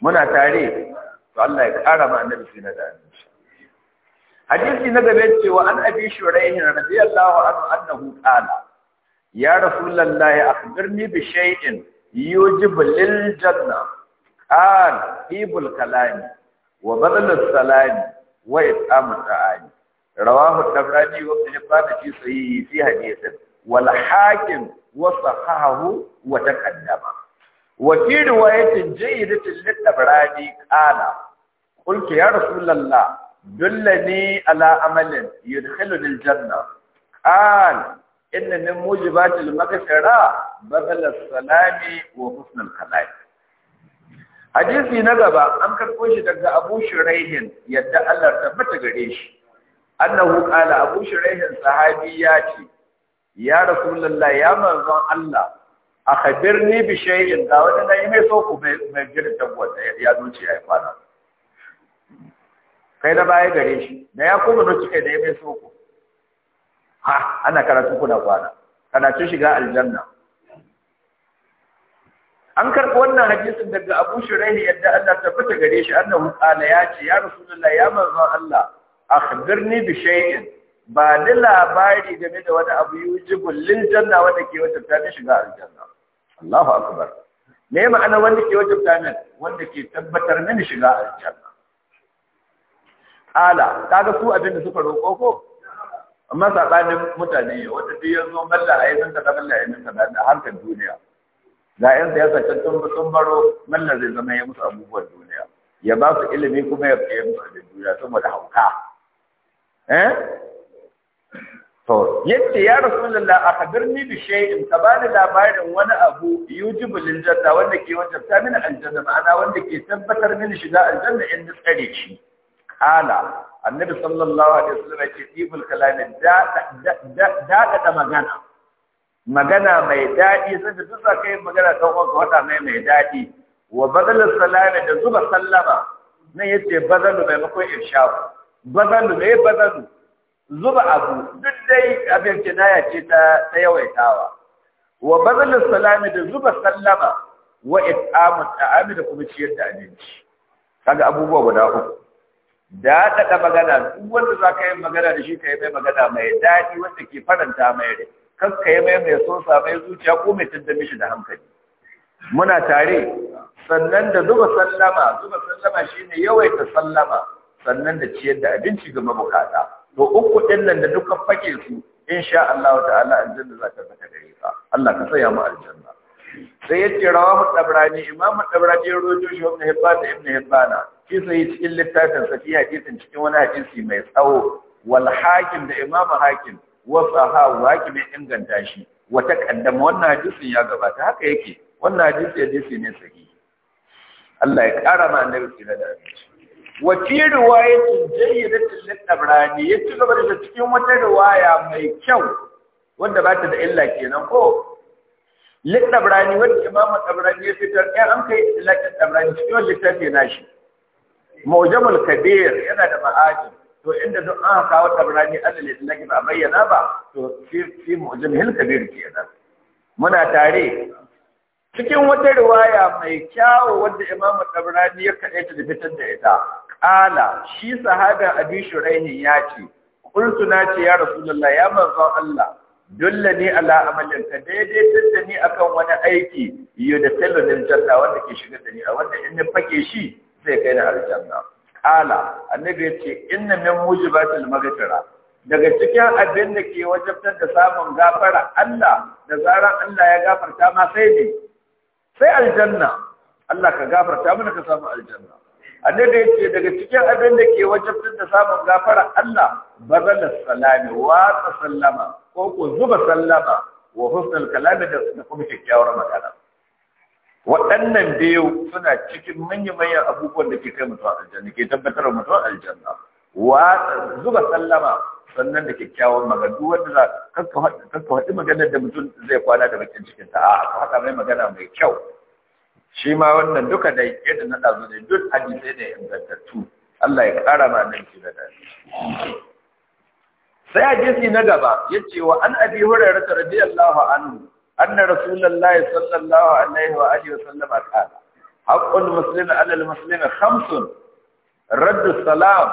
muna tare to Allah ya kara ma annabi sai na da hadisi na gaba cewa an abi shuraihin radiyallahu anhu annahu qala ya rasulullahi akhbirni bi shay'in yujibu lil janna qal ibul kalami wa badal salami wa it'amu ta'ani rawahu tabrani wa ibn hibban fi sahihi fi hadithin wal hakim wa sahahu wa taqaddama wa fi riwayatin jayyidatin lit tabrani qala qultu ya rasulullahi dullani ala amalin yudkhiluni janna qal inna min mujibatil maghfira badal salami wa husn al hadisi na gaba an karbo shi daga Abu Shuraihin yadda Allah tabbata gare shi annahu qala Abu Shuraihin sahabi ya ce ya rasulullahi ya manzon Allah akhbirni bi shay'in da wani nayi mai so ku mai jirta wata ya zuciya ya fara kai na baya gare shi da ya kuma da kai da ya mai soko ha ana karatu kuna kwana karatu shiga aljanna an karɓi wannan hadisin daga Abu shirai yadda Allah tabbata gare shi annahu qala ya ce ya Rasulullah ya manzon Allah akhbirni bi shay'in ba da labari game da wani abu yujibul lil janna wanda ke wajen ta shiga aljanna Allahu akbar me ma'ana wanda ke wajen min wanda ke tabbatar mini shiga aljanna ala kaga su abin da suka roƙo ko amma saɓanin mutane wanda duk ya zo malla a san ka malla a yanzu ka da harkar duniya ga ya siyasa tun tun baro malla zai zama ya musu abubuwan duniya ya ba su ilimi kuma ya fiye musu da duniya saboda hauka eh to yace ya rasulullah akhbirni bi shay'in ka bani labarin wani abu yujibu lil janna wanda ke wajabta mini aljanna ma'ana wanda ke tabbatar mini shiga aljanna in tsare shi kala annabi sallallahu alaihi wasallam yake tibul kalam da da magana magana mai daɗi sai da duk kai magana ta uwanka wata mai mai daɗi wa badal salama da zuba sallama nan yace badalu maimakon irshad badal mai badal zuba abu duk dai abin kinaya ce ta ta yawaitawa wa badal salama da zuba sallama wa it'amu ta'ami kuma ciyar da abinci kaga abubuwa guda uku da daɗa magana duk wanda za ka yi magana da shi ka yi mai magana mai daɗi wanda ke faranta mai rai kan ka yi mai mai sosa mai zuciya ko mai tunda mishi da hankali muna tare sannan da zuba sallama zuba sallama shine yawaita sallama sannan da ciyar da abinci ga mabukata to uku ɗin nan da duka fake su insha Allah ta'ala aljanna za ta zaka gare ka Allah ka saya mu aljanna sai yace rawahu tabrani imamu tabrani rojo shi ibn hibban ibn hibbana shi sai cikin littafin safiya fi cikin wani hadisi mai tsawo wal hakim da imamu hakim wa sahahu hakim ya inganta shi wata kaddama wannan hadisin ya gabata haka yake wannan hadisi hadisi ne sahi Allah ya kara ma annabi tsira da abinci wa fi riwayatin jayyidatin lit-tabrani ya ci gaba da cikin wata riwaya mai kyau wanda ba ta da illa kenan ko Littabrani wanda imamu tabrani ya fitar ya an kai illa tabrani cikin littafi nashi mujamul kabir yana da ma'ani to inda duk an kawo tabrani Allah ne laki ba bayyana ba to shi shi mujamul kabir kenan muna tare cikin wata riwaya mai kyawu wanda Imam Tabrani ya kade ta fitar da ita qala shi sahaba Abi Shuraihin ya ce qultu na ce ya Rasulullah ya manzo Allah dullani ala amalin ka daidai tattani ni akan wani aiki da lil janna wanda ke shiga da ni a wanda in ni fake shi zai kai na aljanna kala annabi yace inna min mujibatil maghfira daga cikin abin da ke wajabtar da samun gafara Allah da zaran Allah ya gafarta ma sai ne sai aljanna Allah ka gafarta mana ka samu aljanna annabi yace ce daga cikin abin da ke wajabtar da samun gafara Allah bazal salami wa sallama ko ko zuba sallama wa husnul kalami da kuma kyakkyawar magana waɗannan biyu suna cikin manya-manyan abubuwan da ke kai a aljanna ke tabbatar da a aljanna wa zuba sallama sannan da kyakkyawan magana duk wanda za ka haɗi magana da mutum zai kwana da bakin cikin ta a ka haɗa mai magana mai kyau shi ma wannan duka da yadda da nada zuwa duk hadisi ne ingantattu Allah ya ƙara ma nan ki da dadi sai a hadisi na gaba yace wa an abi hurairah radiyallahu anhu anna rasulullahi sallallahu alaihi wa alihi wasallam qala haqqul muslimi ala al muslimi khamsun radd as salam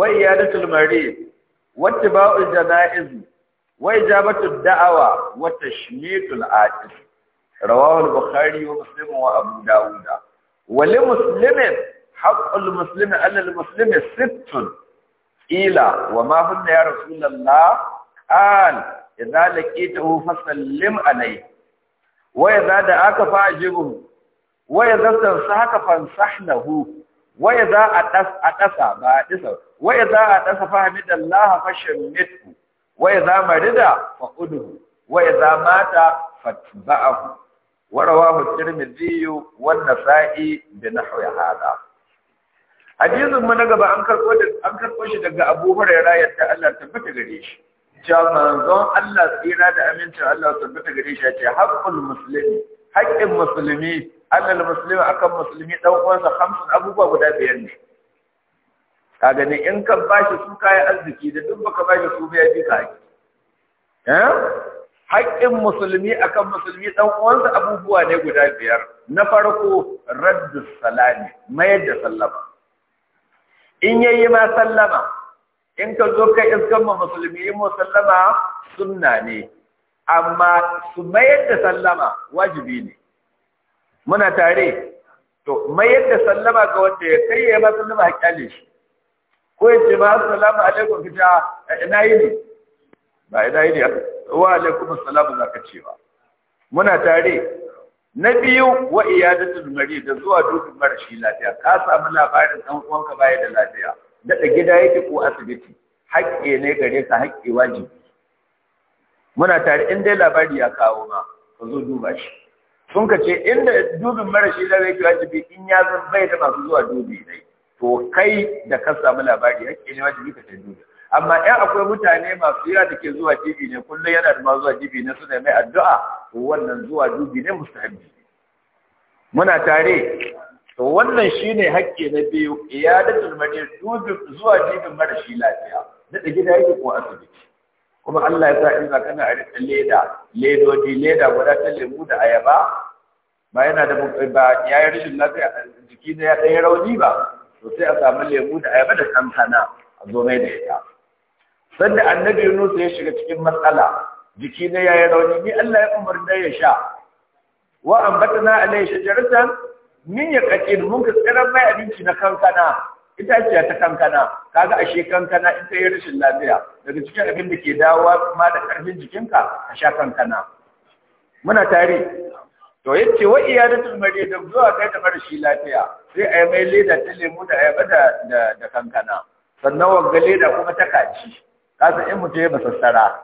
wa iyadatu al marid wa ittiba'u al janaiz wa ijabatu ad da'wa wa tashmitu al atis rawahu al bukhari wa muslim wa abu dawud wa li muslimin haqqul muslimi ala al muslimi sittun ila wa ma hunna ya rasulullah qala idza laqitahu fasallim alayhi wa idza da'aka fa'jibhu wa idza tansahaka fansahnahu wa idza atas atasa ba atasa wa idza atasa fahmidallaha fashammithu wa idza marida fa'udhu wa idza mata fatba'ahu ورواه الترمذي والنسائي بنحو هذا hadisin mu na gaba an karɓo shi daga Abu Hurairah yadda Allah tabbata gare shi cewa Allah tsira da amincin Allah tabbata gare shi ya ce haqqul muslimi haqqin muslimi alal muslimi akan muslimi dan uwansa hamsin abubuwa guda biyar ne ka gani in ka bashi su kayan arziki da duk baka bashi su biya bi ka eh haƙƙin musulmi akan musulmi ɗan uwansa abubuwa ne guda biyar na farko raddu salami mayar da sallama in yayi ma sallama in ka zo kai iskan mu musulmi mu sallama sunna ne amma su mayar da sallama wajibi ne muna tare to mayar da sallama ga wanda ya kai ya ma sallama a kyale shi ko ya ce ma sallama alaikum fita ina yi ne ba ina yi ne wa alaikum assalamu zaka ce ba muna tare na biyu wa iyadatul marid da zuwa dukkan marashi lafiya ka samu labarin dan uwanka baya da lafiya daɗa gida yake ko asibiti haƙƙe ne gare ka haƙƙe wajibi muna tare in dai labari ya kawo ma ka zo duba shi sun ka ce inda dubin mara shi zai yake wajibi in ya zan bai da masu zuwa dubi dai to kai da ka samu labari haƙƙe ne wajibi ka tafi dubi amma ɗan akwai mutane masu yawa da ke zuwa dubi ne kullum yana da masu zuwa dubi ne suna mai addu'a wannan zuwa dubi ne musta muna tare to wannan shine haƙƙi na biyu iyadatul marid zuwa dibin marashi lafiya da gida yake ko asibiti kuma Allah ya sa in za kana a leda ledodi leda guda ta lemu da ayaba ba yana da ba ya yi rashin lafiya jiki da ya ɗaya rauni ba to sai a samu lemu da ayaba da kankana a zo da ita sanda annabi Yunus ya shiga cikin matsala jiki na ya yi rauni ni Allah ya umarni ya sha wa ambatana alayhi shajaratan min ya kace mun ka mai abinci na kankana itaciya ta kankana kaga ashe kankana in ta yi rashin lafiya daga cikin abin da ke dawowa ma da karfin jikinka a sha kankana muna tare to yace wa iyadatul Maryam, zuwa kai ta marashi lafiya sai a yi mai leda ta lemu da ayaba da da kankana sannan wanga leda kuma ta kaci kaza in mutum ya basassara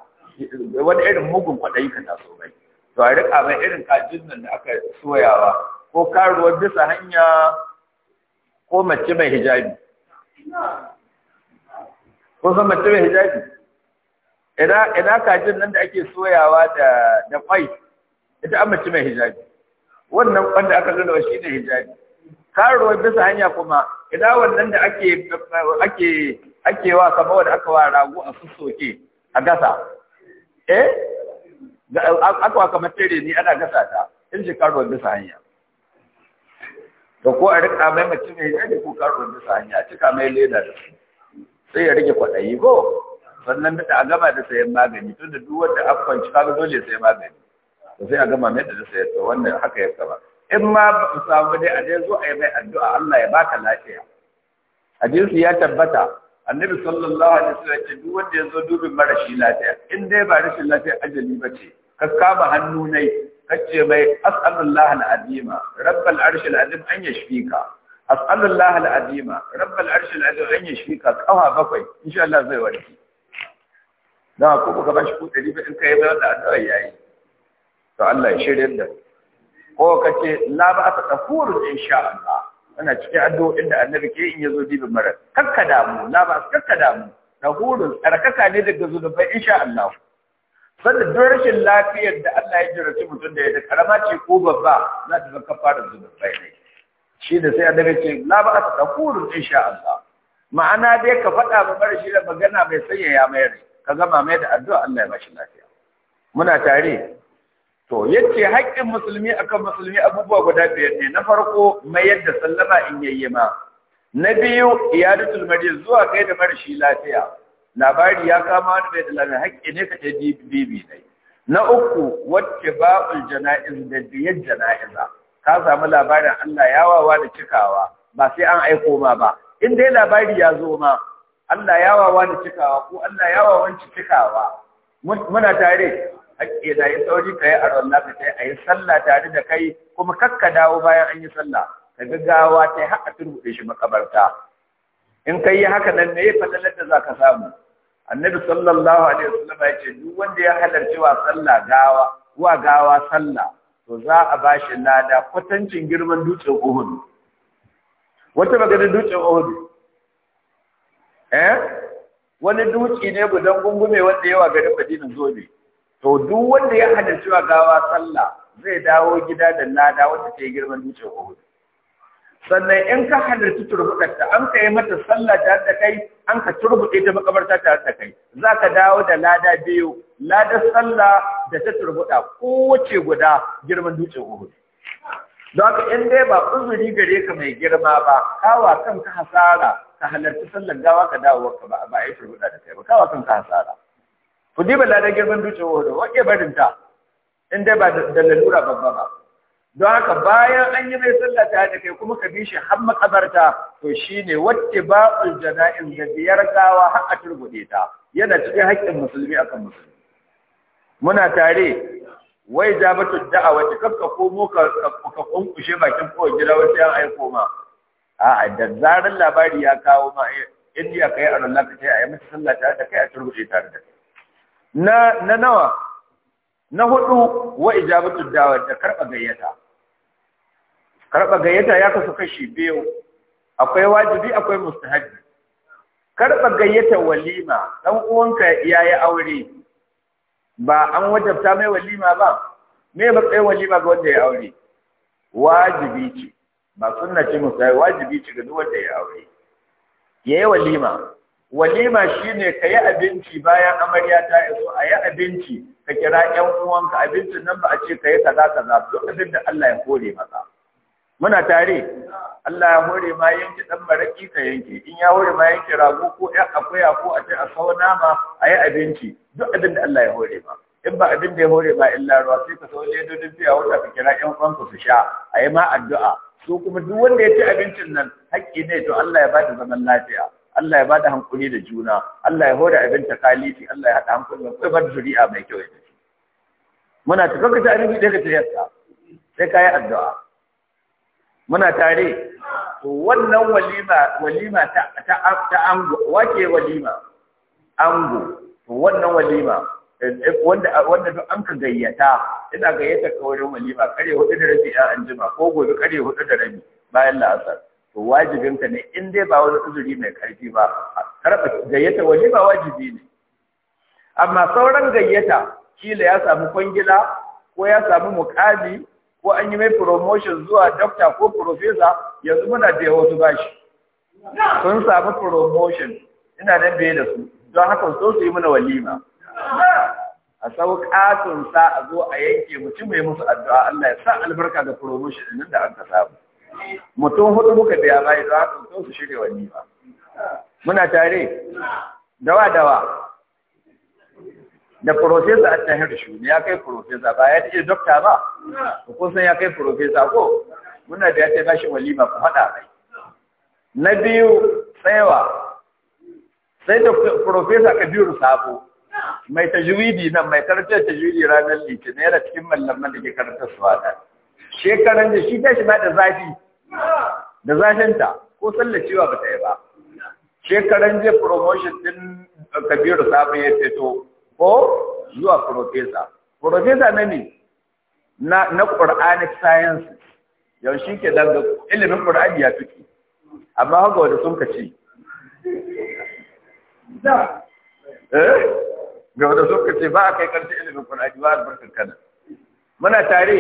wani irin mugun kwaɗayi ka taso bai to a riƙa mai irin kajin nan da aka soyawa ko karuwar bisa hanya ko mace mai hijabi ko san mace mai hijabi Ina kajin nan da ake soyawa da da kwai ita an mace mai hijabi wannan wanda aka nuna shi ne hijabi karuwar bisa hanya kuma ina wannan da ake ake ake wa kama wanda aka wa rago a sussoke a gasa eh aka wa kamar tare ni ana gasa ta in shi karuwar bisa hanya da ko a rika mai mace mai rage da sa hanya a cika mai leda da su sai ya rike kwaɗayi ko sannan da a gama da sayan magani tun da duk wanda an kwanci kaga dole ya sayi magani da sai a gama mai da sayar to wannan haka ya kama in ma ba mu samu dai a dai zo a yi mai addu'a Allah ya baka lafiya hadisi ya tabbata annabi sallallahu alaihi wasallam ce duk wanda ya zo dubin marashi lafiya in dai ba rashin lafiya ajali ba ce ka kama hannu nai kace mai as'alullah al'azima rabbal arsh al'azim an yashfika as'alullah al'azima rabbal arsh al'azim an yashfika kawa bakwai insha Allah zai warke da ku ku gaban shi ku dari in kai bai da addu'a yayi to Allah ya shirye da ko kace la ba ta kafur insha Allah ana cikin addu'o'in da annabi ke in yazo dibin mara kakka damu la ba kakka damu tahurun tsarkaka ne daga zunubai insha Allah sannan duk rashin lafiyar da Allah ya jirace mutum da ya karama ce ko babba za ta zaka fara zunubai ne shi da sai annabi ce la ba ta kafurun insha Allah ma'ana dai ka faɗa bar marashi da magana mai sanyaya mai rai ka gama mai da addu'a Allah ya bashi lafiya muna tare to yace haƙƙin musulmi akan musulmi abubuwa guda biyar ne na farko mayar da sallama in yayyama na biyu iyadatul marid zuwa kai da marashi lafiya labari ya kama wani bai da lafiya haƙƙi ne ka ce bibi ne na uku wacce babul jana'iz da biyar jana'iza ka samu labarin Allah ya wawa da cikawa ba sai an aiko ma ba in dai labari ya zo ma Allah wawa da cikawa ko Allah ya yawawan cikawa muna tare haƙƙi da ya sauri ka yi a ranar ka a yi sallah tare da kai kuma kakka dawo bayan an yi sallah ka gaggawa ta yi haƙa turbuɗe shi makabarta in kai yi haka nan ne dalar da zaka samu annabi sallallahu alaihi wasallam ya ce duk wanda ya halarci wa sallah gawa wa gawa sallah to za a bashi lada kwatancin girman dutse Uhud wata magana dutse Uhud eh wani dutse ne gudan gungume wanda yawa garin Madina zobe to duk wanda ya halarci wa gawa sallah zai dawo gida da lada wanda ta yi girman dutse Uhud sannan in ka halarci turbuɗarta an ka yi mata sallah ta ta kai an ka turbuɗe ta makabarta tare ta kai za ka dawo da lada biyu lada sallah da ta turbuɗa kowace guda girman dutsen uhud don haka in dai ba uzuri gare ka mai girma ba kawa kan ka hasara ka halarci sallar gawa ka dawo ka ba a yi turbuɗa da kai ba kawa kan ka hasara ku diba ladan girman dutsen uhud wa ke barinta in dai ba da lalura babba ba don haka bayan an yi mai sallah ta da kai kuma ka bi shi har makabarta to shine wacce ba'ul jana'in da biyar gawa har a turbude ta yana cikin haƙƙin musulmi akan musulmi muna tare wai ja da'awa ta kafka komo ka ka kunkushe bakin kowa gida wasu ya aiko ma a'a da zarar labari ya kawo ma eh, indiya kai a Allah ka ce a yi sallah ta da kai a turbuɗe tare da kai na na nawa na hudu wa ijabatu da'awa da karɓa gayyata karɓa gayyata ya kasu kashi biyu akwai wajibi akwai mustahabi karɓa gayyata walima dan uwanka ya yi aure ba an wajabta mai walima ba me matsayin walima ga wanda ya aure wajibi ce ba sunna ce mustahabi wajibi ce ga wanda ya aure ya yi walima walima shine ka yi abinci bayan amarya ta iso a yi abinci ka kira 'yan uwanka abincin nan ba a ce ka yi kaza kaza duk abin da Allah ya kore maka muna tare Allah ya hore ma yanke dan maraki ka yanke in ya hore ma yanke rago ko ya akwai ko a ce a kawo nama a yi abinci duk abin da Allah ya hore ma in ba abin da ya hore ba illa ruwa sai ka sawo ledodin biya wanda ka kira 'yan uwan su sha a yi ma addu'a so kuma duk wanda ya ci abincin nan haƙƙi ne to Allah ya ba zaman lafiya Allah ya ba da hankuli da juna Allah ya hore abin ta kalifi Allah ya haɗa hankuli kai ba da zuri'a mai kyau ya tafi muna tafi ka ci abinci da ya ci sai ka yi addu'a muna tare to wannan walima walima ta ta ta ango wake walima ango to wannan walima eh, wanda wanda duk an ka gayyata ina gayyata ka wurin walima kare hudu da rabi a anjima ko gobe kare hudu da rabi bayan la'asar to wajibin ka ne in dai ba wani uzuri mai karfi ba karba gayyata walima wajibi ne amma sauran gayyata kila ya samu kwangila ko ya samu mukami ko an yi mai promotion zuwa dokta ko profesa yanzu muna da wasu bashi sun samu promotion ina da biye da su don haka so su yi mana walima a sauƙatun sa a zo a yanke mutum mai musu addu'a Allah ya sa albarka ga promotion din da an ka samu mutum hudu muka biya bai don haka so su shirya walima muna tare dawa dawa da profesa a hirshu ne ya kai profesa ba ya ce dokta ba ko san ya kai profesa ko muna da ya ce bashi walima ku haɗa mai na biyu tsayawa sai da profesa kabiru sabo mai tajwidi nan mai karantar tajwidi ranar litinin yana cikin mallaman da ke karantar su haɗa shekaran da shi tashi ba da zafi da zafinta ko tsallacewa ba ta yi ba shekaran je promotion din kabiru sabo ya fito ko zuwa profesa. Profesa na ne na Quranic science yau shi ke daga ilimin Qur'ani ya fiki amma haka wanda sun kace da eh ga wanda sun kace ba a kai karshe ilimin Qur'ani ba barkar kana muna tare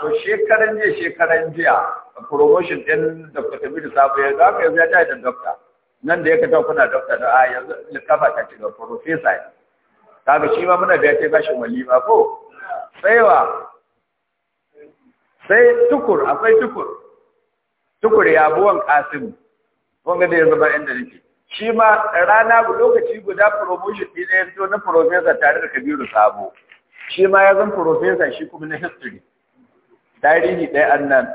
to shekaran jiya shekaran jiya a promotion ɗin din Dr. da Sabo ya ga ya ta da dokta. nan da ya ta kuna dokta da a yanzu likafa ta ci ga ne. kaga shi ma muna da ya ce bashin walima ko saiwa sai tukur akwai tukur tukur ya buwan kasim wanga da ya zama inda nake shi ma rana lokaci guda promotion ɗin ya fito na professor tare da kabiru sabo shi ma ya zan professor shi kuma na history tarihi ɗaya annan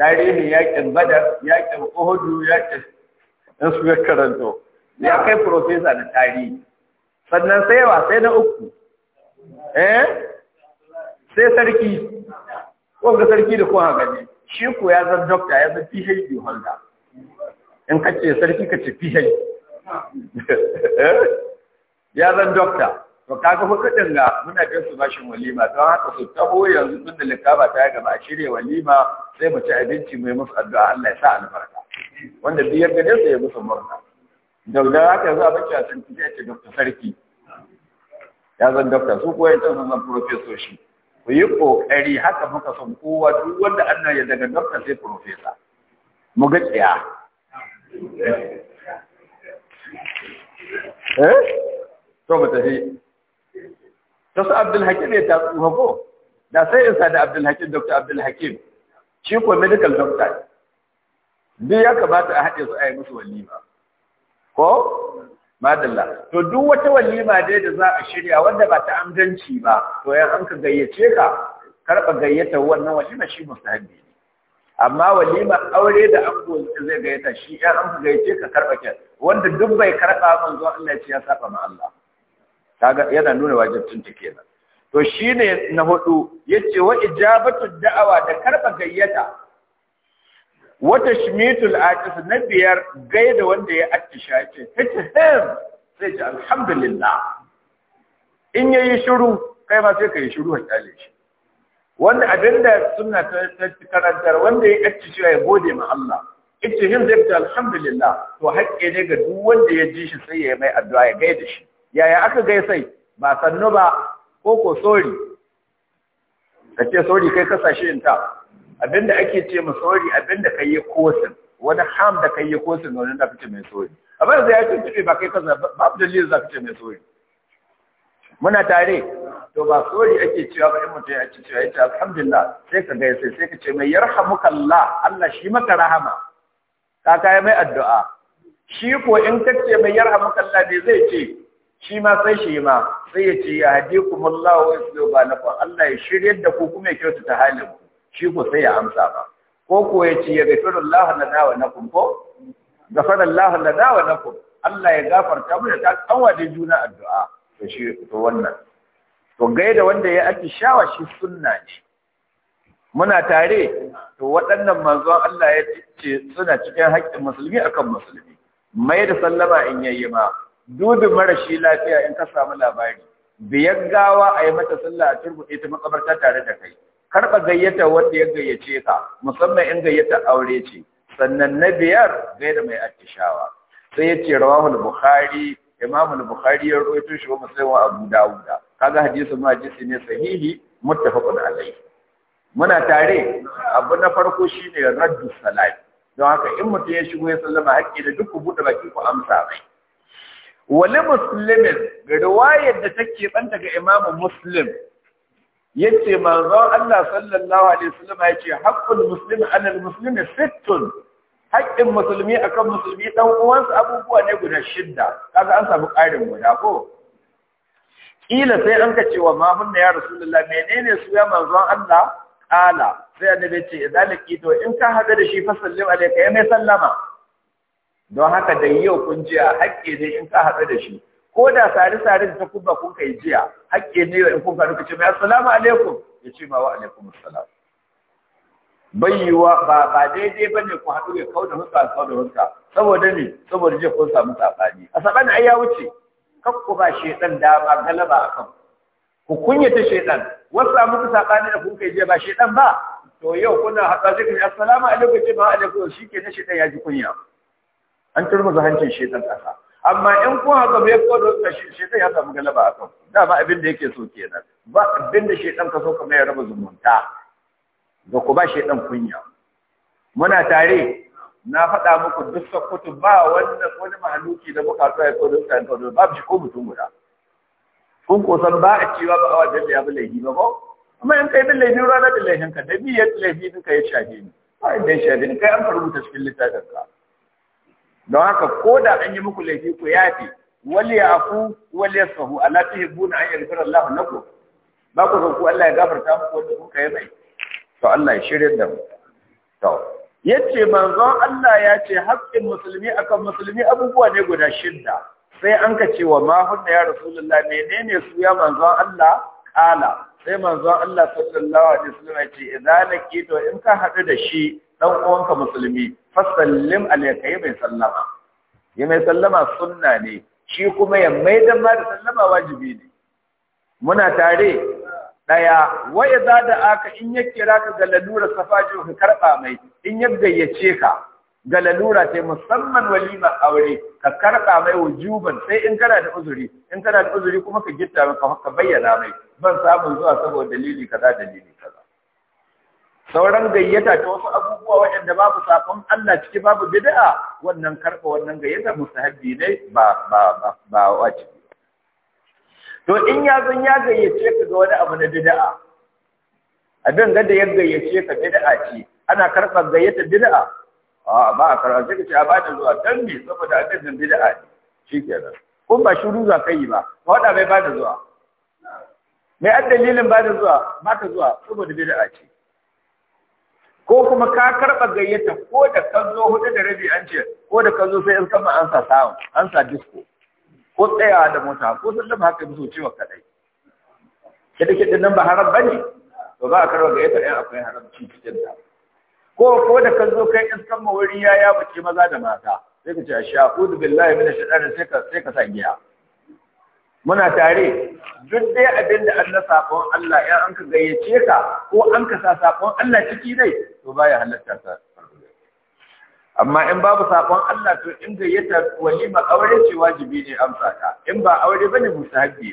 tarihi yakin badar yakin uhudu yakin in su ya karanto ya kai professor na tarihi sannan sai wa sai na uku eh sai sarki ko ga sarki da kowa gani shi ko ya zan dokta ya zan PhD holder in ka ce sarki ka ce PhD ya zan dokta to kaga kudin ga muna jin su bashin walima don haka su taho yanzu tun da likaba ta gaba a shirya walima sai mu ci abinci mai musu addu'a Allah ya sa albarka wanda biyar gare su ya musu murna dauda haka yanzu abin a sarki sai ce dokta sarki ya zan dokta su kuwa yanta sun zan shi ku yi ƙoƙari haka muka son kowa duk wanda annan ya daga dokta sai profesor mu ga tsaya eh to mu tafi ta su abdul hakim ya ta hako ko da sai in sadi abdul hakim dokta abdul hakim shi ko medical doctor duk ya kamata a haɗe su a yi musu walima ko madalla to duk wata walima dai da za a shirya wanda ba ta amdanci ba to yan an ka gayyace ka karba gayyata wannan walima shi musahabi ne amma walima aure da ango zai gayyata shi yan an ka gayyace ka karba ke wanda duk bai karba zo Allah ya saba ma Allah kaga yana nuna wajibin ta kenan to shine na hudu yace wa ijabatu da'awa da karba gayyata wata shimitul aqis na biyar gaida wanda ya attisha ce tahem sai ce alhamdulillah in yayi shiru kai ma sai kai shiru har tsale shi wanda abinda sunna ta karantar wanda ya attisha ya gode ma Allah ita him zai ta alhamdulillah to haƙƙi ne ga duk wanda ya ji shi sai ya mai addu'a ya gaida shi yaya aka gaisai ba sannu ba ko ko sori kace sori kai kasashe in ta abinda ake ce ma sori abinda kai ya kosin wani ham da kai ya kosin wani da fice mai sorry abin da ya tuntuɓe ba kai kaza babu dalilin za fice mai sori muna tare to ba sori ake cewa ba in mutum ya ce cewa ya ce alhamdulillah sai ka gaisa sai ka ce mai yarhamukallah Allah shi maka rahama ka kai mai addu'a shi ko in ka ce mai yarhamukallah ne zai ce shi ma sai shi ma sai ya ce ya hadikumullahu wa yuslihu balakum Allah ya shiryar da ku kuma ya kyautata halin ku shi ko sai ya amsa ba ko ko ya ce ya gafiru lana wa kun, ko gafara lana wa kun. Allah ya gafarta mu da ta da juna addu'a to shi to wannan to gaida wanda ya shawa shi sunna ne muna tare to waɗannan manzon Allah ya ce suna cikin haƙƙin musulmi akan musulmi mai da sallama in yayi ma dudu marashi lafiya in ka samu labari biyar gawa a yi mata sallah a turbuɗe ta makabarta tare da kai karɓa gayyata wanda ya gayyace ka musamman in gayyata aure ce sannan na biyar gaida mai attishawa sai ya ce rawahul bukhari imam al-bukhari ya rawaito shi kuma sai wa abu dawud kaga hadisi ma hadisi ne sahihi muttafaqun alayhi muna tare abu na farko shine raddu salat don haka in mutum ya shigo ya sallama hakki da duk buɗe baki ku amsa mai wali muslimin ga riwayar da take banta ga imam muslim yace manzon Allah sallallahu alaihi wasallam yace haqqul muslimi alal muslimi sittun haƙƙin musulmi akan musulmi dan uwansa abubuwa ne guda shidda kaga an samu ƙarin guda ko Ƙila sai an ka wa ma hunna ya rasulullah menene su ya manzon Allah kala sai annabi ce zaliki to in ka hada da shi fa sallim alayka ya mai sallama don haka dai yau kun ji a haƙƙi ne in ka hada da shi ko da sare-sare da ta kubba kun kai jiya hakke ne in kun faru kace mai assalamu alaikum ya ce ma wa alaikum assalam bayyuwa ba ba daidai bane ku haɗu ya kauda huska kauda wanka? saboda ne saboda je kun samu sabani a sabani ai ya wuce 'Kan ku ba shedan dama galaba akan ku kunyata shedan wasu muku sabani da kun kai jiya ba shedan ba to yau kuna haɗa zikin assalamu alaikum ce ma alaikum shikenan shedan ya ji kunya an turmuza hancin shedan kasa amma in kun haka bai kodo da shi shi ya samu galaba a kanku dama abin da yake so kenan ba abin da shedan ka so kamar ya raba zumunta ga ku ba shedan kunya muna tare na faɗa muku duk sakutu ba wanda wani mahaluki da muka so ya kodo ka kodo babu shi ko mutum guda kun ko san ba a cewa ba a awa da ya bi laifi ba ko amma in kai bin laifin rana da laifin ka da biyar laifi ka ya shafe ni ba inda ya shafe ni kai an ka rubuta cikin littafin ka don haka ko da an yi muku laifi ku yafi wali ya afu wali ya sahu Allah ta hibbu na an yi Allah na ku ba ku sauku Allah ya gafarta muku wanda kun yi mai to Allah ya shirya da mu to yace manzon Allah ya ce haƙƙin musulmi akan musulmi abubuwa ne guda shidda sai an ka ce wa ma hunna ya rasulullah menene su ya manzon Allah kala sai manzon Allah sallallahu alaihi wasallam ya ce idan laqitu in ka hadu da shi dan uwanka musulmi sallim alayka ya mai sallama ya mai sallama sunna ne shi kuma ya mai da ma da sallama wajibi ne muna tare daya waya za da aka in ya kira ka ga lalura ji ka karba mai in ya gayyace ka ga lalura sai musamman walima aure ka karba mai wujuban sai in kana da uzuri in kana da uzuri kuma ka gitta ka bayyana mai ban samu zuwa saboda dalili kaza dalili kaza sauran gayyata ta wasu abubuwa waɗanda babu safon Allah ciki babu bid'a wannan karɓa wannan gayyata mustahabbi ne ba ba ba ba wajibi to in ya zan ya gayyace ka ga wani abu na bid'a abin ga da ya gayyace ka bid'a ce ana karɓar gayyata bid'a a ba a karɓar sai ka ce a ba da zuwa dan me saboda abin bid'a ne shikenan kun ba shiru za ka yi ba ba wada bai ba da zuwa mai an dalilin ba da zuwa ba ta zuwa saboda bid'a ce ko kuma ka karɓa gayyata ko da ka zo hudu da rabi an ce ko da ka zo sai in kama an sa sound an sa disko ko tsayawa da mota ko sun dama haka musu ciwon kaɗai. kiɗa kiɗa nan ba haram bane ne? ba a karɓa gayyata yan akwai haramci cikin ta ko ko da ka zo kai in kama wuri ya ya bace maza da mata sai ka ce a sha da billahi min shaɗa da sai ka sa giya muna tare duk dai abin da Allah sakon Allah ya an ka gayyace ka ko an ka sa sakon Allah ciki dai to baya halatta sa amma in babu sakon Allah to in gayyata walima aure ce wajibi ne amsa ta in ba aure bane musahabi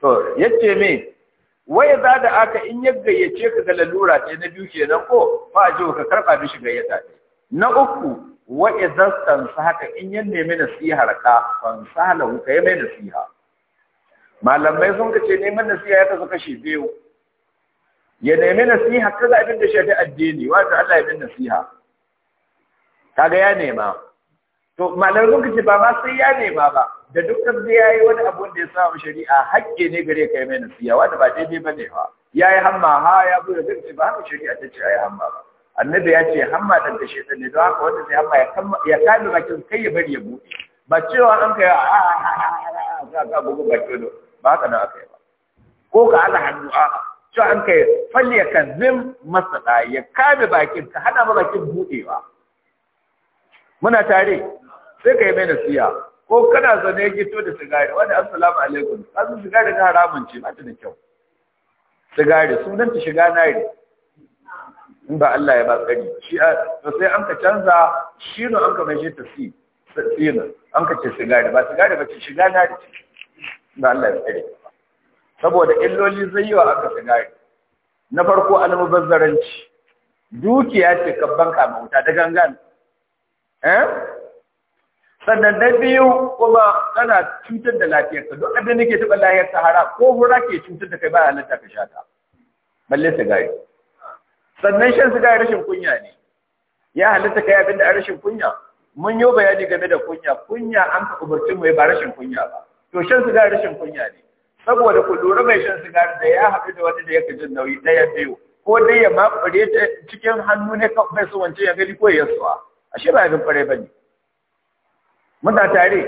to yace me wai za da aka in ya gayyace ka ga lalura ce na biyu kenan ko fa aje ka karba shi gayyata na uku wa idan san haka in ya nemi nasihar ka san sahala ka yi mai nasiha malamai sun kace neman nasiha ya kasu kashi biyu ya nemi nasiha kaza abin da shafi addini wato Allah ya bin nasiha kaga ya nema to malamai sun ka ce ba ma sai ya nema ba da dukkan da yayi wani abu da ya samu shari'a hakke ne gare ka yi mai nasiha wanda ba daidai bane ba yayi hamma ha ya buɗe zai ba haka shari'a ta ce yayi hamma ba annabi ya ce hamma dan da shedan ne don haka wanda sai hamma ya kama kame bakin kai ya bari ya buɗe. ba cewa an kai a a a a a a a a a a a ba ka nan aka yi ba ko ka ala hannu a ci an kai falle ka zim masada ya kame bakin ka hana bakin buɗewa muna tare sai ka yi mai nasiya ko kana zaune ya gito da sigari wani assalamu alaikum kasu sigari na haramun ce ba ta da kyau sigari sunan ta shiga nari in ba Allah ya ba tsari shi to sai an ka canza shi ne an ka mai shi tafsir tsina an ka ce sigari ba sigari ba ce shiga nari ce da Allah ya tsare saboda illoli zai yi wa aka sigari na farko almubazzaranci dukiya ce kabban kamauta wuta da gangan eh sannan na biyu kuma kana cutar da ka, duk abin da ke taɓa lafiyar sahara ko hura ke cutar da kai ba halitta ka ta. balle sigari sannan shan sigari rashin kunya ne ya halitta kai abin da rashin kunya mun yi bayani game da kunya kunya an ka umarci mu ba rashin kunya ba to shan sigari rashin kunya ne saboda ku lura mai shan sigari da ya haɗu da wani da yake jin nauyi ɗaya biyu ko dai ya makure ta cikin hannu ne kawai su wance ya gani ko ya suwa ashe ba abin kwarai ba ne muna tare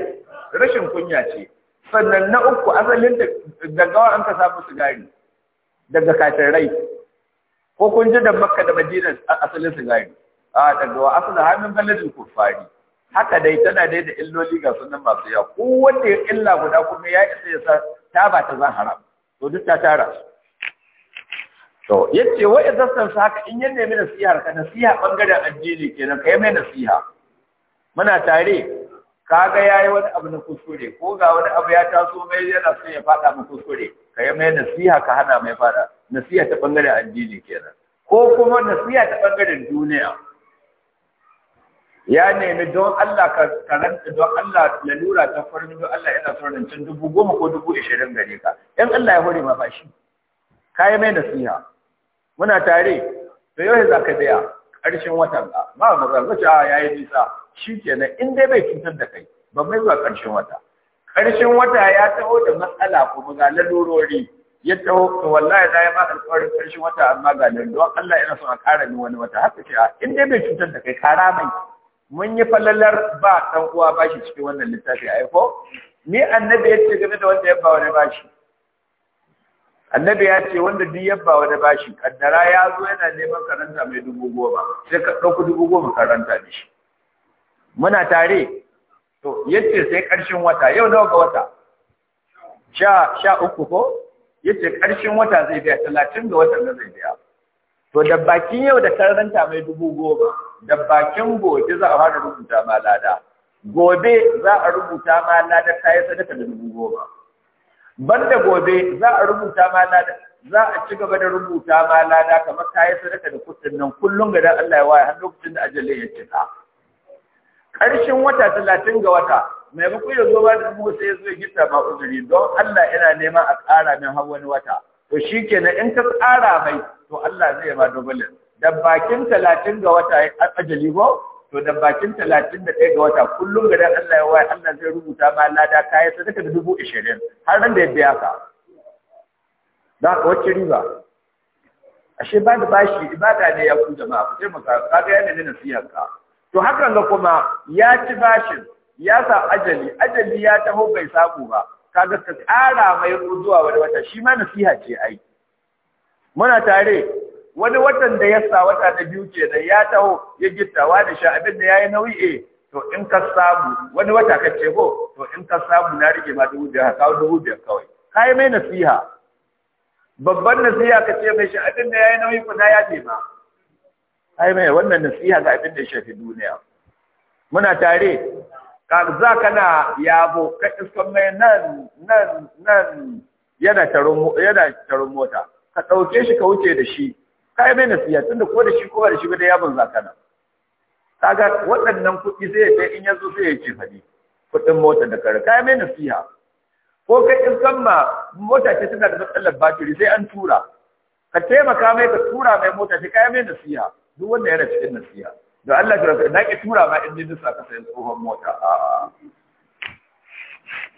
rashin kunya ce sannan na uku asalin da daga an ka samu sigari daga rai, ko kun ji da makka da madina asalin sigari a daga wa asalin hannun balajin kufari haka dai tana dai da illoli ga sunan masu yawa ko wanda ya illa guda kuma ya isa ya sa ta ba ta zan haram to duk ta tara to yace wa idan san sa haka in ya nemi nasiha ka nasiha bangaren addini kenan kai mai nasiha muna tare ka kaga yayi wani abu na kuskure ko ga wani abu ya taso mai yana son ya fada mu kuskure kai mai nasiha ka hana mai fada nasiha ta bangaren addini kenan ko kuma nasiha ta bangaren duniya ya nemi don Allah ka karanta don Allah lalura ta farin don Allah yana son rancen dubu goma ko dubu ishirin gare ka in Allah ya hore ma ba shi yi mai nasiha muna tare to yau za ka biya ƙarshen watan ka ba mu zan wuce a ah, yayi nisa Shi shikenan in dai bai cutar da kai ba mai zuwa ƙarshen wata ƙarshen wata ya taho da matsala kuma ga lalurori ya taho to wallahi na yi ma alƙawarin ƙarshen wata amma ga lalurori don Allah yana son a ƙara ni wani wata haka ce ah, in dai bai cutar da kai kara mai mun yi falalar ba ɗan uwa ba shi cikin wannan littafi a ko ni annabi ya ce game da wanda ya ba wani bashi annabi ya ce wanda duk ya ba wani bashi kaddara ya zo yana neman karanta mai dubu goma sai ka ɗauki dubu goma karanta da shi muna tare to yace sai ƙarshen wata yau nawa ga wata sha sha uku ko yace ƙarshen wata zai biya talatin ga watan da zai biya To da bakin yau da karanta mai dubu goma, da bakin gobe za a fara rubuta ma lada. Gobe za a rubuta ma lada ta yi sadaka da dubu goma. Banda gobe za a rubuta ma lada za a ci gaba da rubuta ma lada kamar ta yi sadaka da kuɗin nan kullum ga dan Allah ya waye har lokacin da ajalin ya cika. Ƙarshen wata talatin ga wata maimakon ya zo ba da dubu sai ya zo ya gita ma uzuri don Allah yana neman a ƙara min har wani wata. to shi na in ka tsara mai to Allah zai ma dubalin da bakin talatin ga wata ajali ko to da bakin talatin da ɗaya ga wata kullum ga dan Allah ya waye Allah zai rubuta ma lada kayan sadaka da dubu ishirin har nan da ya biya ka da ka wacce riba ashe ba da bashi ibada ne ya ku jama'a ku taimaka ka ga yana nuna nasiyar ka to hakan ga kuma ya ci bashin ya sa ajali ajali ya taho bai samu ba kaga ka ƙara mai zuwa wani wata shi ma nasiha ce ai muna tare wani watan da ya sa wata da biyu ke da ya taho ya gittawa da sha abin da ya yi nauyi eh to in ka samu wani wata ka ce ko to in ka samu na rike ma dubu biyar kawo dubu biyar kawai ka yi mai nasiha babban nasiha ka ce mai sha abin da ya yi nauyi kuna ya ce ma ai mai wannan nasiha ga abin da ya shafi duniya muna tare za ka na yabo ka iskan mai nan nan nan yana taron mota ka ɗauke shi ka wuce da shi ka yi mai nasiya tunda ko da shi ko da shi ba da yabon za ka na kaga waɗannan kuɗi zai ya in ya zo sai ya ci fadi kuɗin mota da kare kai mai nasiya ko ka iskan ma mota ce tana da matsalar batiri sai an tura ka taimaka mai ka tura mai mota ce kai mai nasiya duk wanda yana cikin nasiya da Allah ya rasu na ki tura ma in nisa ka sayan tsohon mota a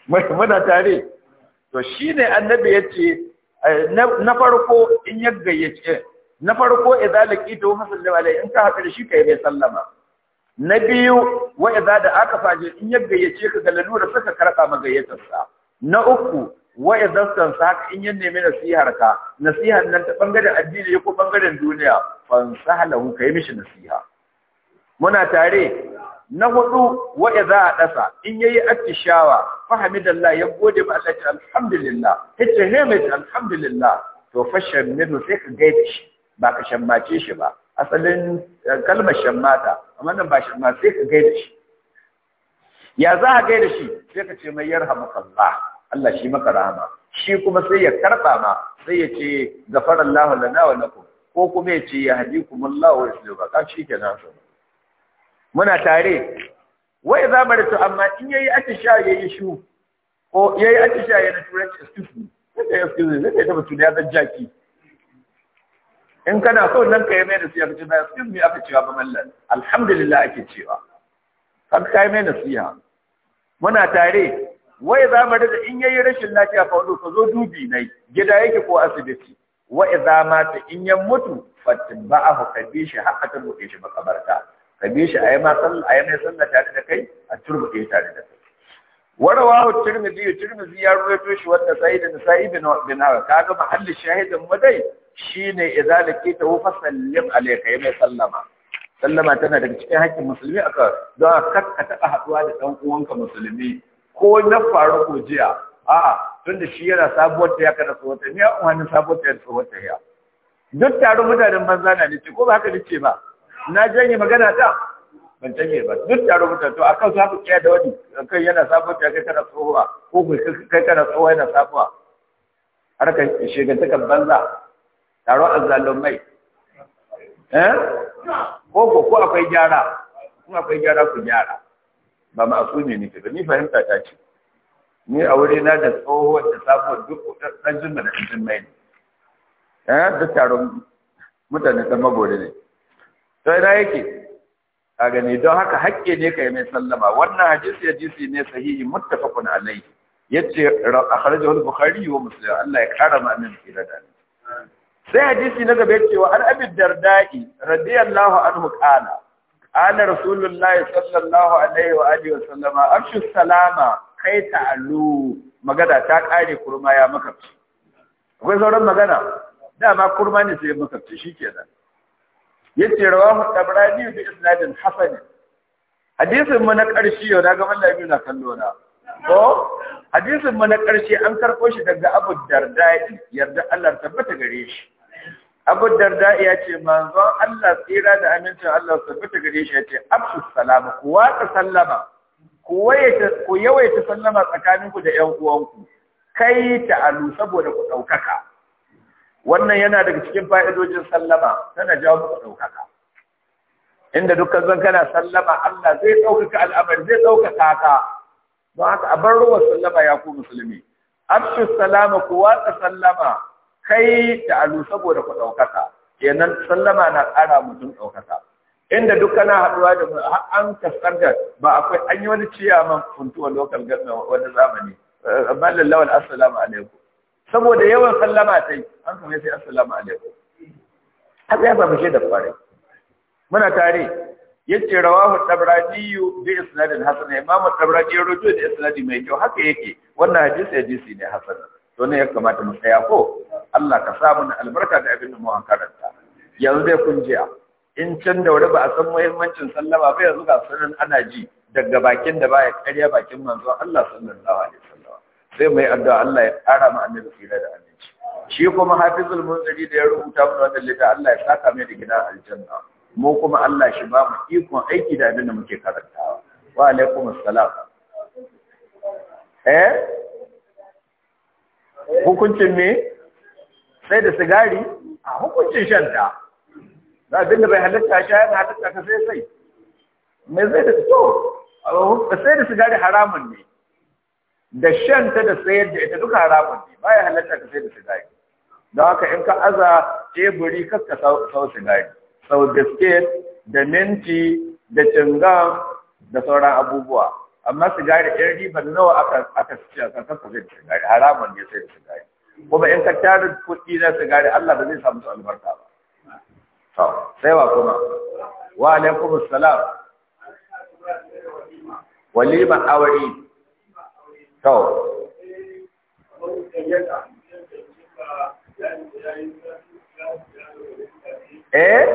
muna tare to shine annabi yace ce eh, na farko in ya gayyace na farko idza laqita wa alai in ka haɗa shi kai mai sallama na biyu wa idza da aka faje in ya gayyace ka ga lalura saka karka magayyatar sa na uku wa idza san saka in ya nemi nasihar ka nasihar nan ta bangaren addini ko bangaren duniya sahala sahalahu kai mishi nasiha muna tare na hudu wa a ɗasa in ya yi attishawa fahimidallah ya gode ba Allah alhamdulillah hita hemit alhamdulillah to fashan minu sai ka gaida shi ba ka shammace shi ba asalin eh, kalmar shammata amma nan ba shamma sai ka gaida shi ya za ka gaida shi sai ka ce mai yarhamukallah Allah shi maka rahama shi kuma sai ya karɓa ma sai ya ce gafarallahu lana wa lakum ko kuma ya ce ya hadikumullahu wa yuslihu ka shi kenan sai muna tare wai za mu rasu amma in yayi atisha yayi shu ko yayi atisha ya na turanci excuse me sai excuse me sai ta mutu ya zan jaki in kana so nan ka yi mai siya ka ce ba excuse me aka cewa ba mallan alhamdulillah ake cewa kan ka yi mai siya muna tare wai za mu rasu in yayi rashin lafiya fa ka zo dubi nai gida yake ko asibiti wa idza mata in ya mutu fatba'ahu kabishi ta mutu shi makabarta ka bi shi a yi mai sallah tare da kai a turbuɗe tare da kai warawahu tirmidhi tirmidhi ya rawaito shi wanda sa'id bin sa'id bin ka ga mahallin shahidin madai shine idza ta wufa sallim alayka mai sallama sallama tana daga cikin haƙƙin musulmi aka don a ka taɓa haɗuwa da ɗan uwanka musulmi ko na faru ko jiya a'a tunda shi yana sabuwar ta ya kada tsohuwar ta a umarnin sabuwar ta ya tsohuwar ta ya duk taron mutanen banza na ce, ko ba haka ce ba na janye magana ta ban janye ba duk taro mutane, to akan sa ku kiyaye da wani kai yana ta kai kana tsohuwa ko kai kana tsohuwa yana sabuwa har ka kan banza taro azzalumai eh ko ko akwai gyara kun akwai gyara ku gyara ba su ne ke ni fahimta ta ce ni a wuri na da tsohuwar da sabuwar duk ɗan jimma da ɗan mai ne eh duk taro mutane ɗan magori ne sai da yake a gani don haka hakke ne kai mai sallama wannan hadisi hadisi ne sahihi muttafaqun alai yace akhrajahu al-bukhari wa muslim Allah ya kara mu amin kira da sai hadisi na gaba yace wa an abi dardai radiyallahu anhu qala qala rasulullahi sallallahu alaihi wa alihi wa sallama afshu salama kai ta alu magana ta kare kurma ya maka akwai sauran magana dama kurma ne sai maka kenan yace rawahu tabrani bi isnadin hasan hadisin mu na ƙarshe yau na ga mallami na kallo na ko hadisin mu na ƙarshe an karɓo shi daga Abu Darda yarda Allah tabbata gare shi Abu Darda ya ce manzo Allah tsira da amincin Allah tabbata gare shi ya ce afsu salama ku watsa sallama ku yawaita sallama tsakaninku da ƴan uwanku kai ta alu saboda ku ɗaukaka wannan yana daga cikin fa'idojin sallama tana jawo maka ɗaukaka inda dukkan zan kana sallama Allah zai ɗaukaka al'amari zai ɗaukaka ka don haka a bar ruwa sallama ya ku musulmi abshu salama ku watsa sallama kai da alu saboda ku ɗaukaka kenan sallama na ƙara mutum ɗaukaka inda duk haɗuwa da an kaskantar ba akwai an yi wani ciyaman funtuwa lokal government wani zamani eh, mallallawa assalamu alaikum saboda yawan sallama ta yi an kuma sai assalamu alaikum haka ya samu da kwarai muna tare yace rawahu tabrani bi isnad hasan imam tabrani ya rojo da isnad mai kyau haka yake wannan hadisi hadisi ne hasan to ne ya kamata mu tsaya ko Allah ka sa mana albarka da abin da mu an karanta yanzu zai kun jiya in can da wuri ba a san muhimmancin sallama ba yanzu ga sunan ana ji daga bakin da baya karya bakin manzo Allah sallallahu alaihi sai mai addu'a Allah ya ƙara mu annabi fira da aminci shi kuma hafizul munziri da ya rubuta mana wannan litta Allah ya saka mai da gida aljanna mu kuma Allah shi ba mu ikon aiki da abin da muke karantawa wa alaikum assalam eh hukuncin me sai da sigari a hukuncin shanta da abin da bai halitta shi yana halitta ka sai sai me zai da to sai da sigari haramun ne da shan ta da sayar da ita duka haramun ne baya halatta ka sayar da sigari don haka in ka aza teburi kar ka sau sigari sau biskit da minti da cingam da sauran abubuwa amma sigari ɗin riba nawa aka aka ci aka kasa da sigari haramun ne sai da sigari kuma in ka tara kuɗi na sigari Allah ba zai samu albarka ba sai wa kuma wa alaikum salam. walima awari kawo. eh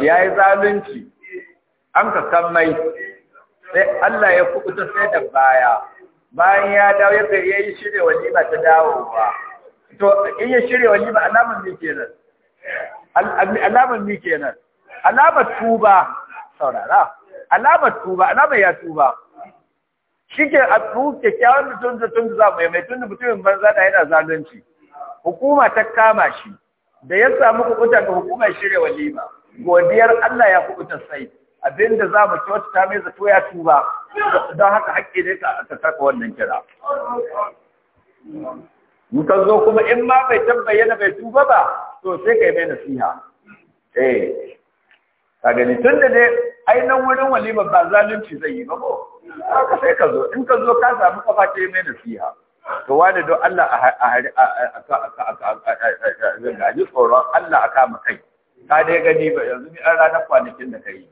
ya yi zalunci an ka kan mai sai Allah ya kubuta sai da baya bayan ya dawo ya kai ya yi shirya walima ta dawo ba to in ya shirya walima alamun ne kenan alamar mi kenan alamar tuba saurara alamar tuba alamar ya tuba shike a tuke kyakkyawan mutum da tun za mai mai tun da mutumin banza da yana zalunci hukuma ta kama shi da ya samu kukuta ga hukumar shirya walima godiyar Allah ya kukuta sai abinda za mu kyautata mai zato ya tuba don haka hakki ne ka saka wannan kira in ka zo kuma in ma bai tabbayyana bai tuba ba to sai kai mai nasiha eh ka gani tun da dai ai nan wurin walima ba zalunci zai yi ba ko ka sai ka zo in ka zo ka samu kafa ce mai nasiha to wani don Allah a hari a ji tsoron Allah a kama kai ka dai gani ba yanzu ni an ranar kwanakin da kai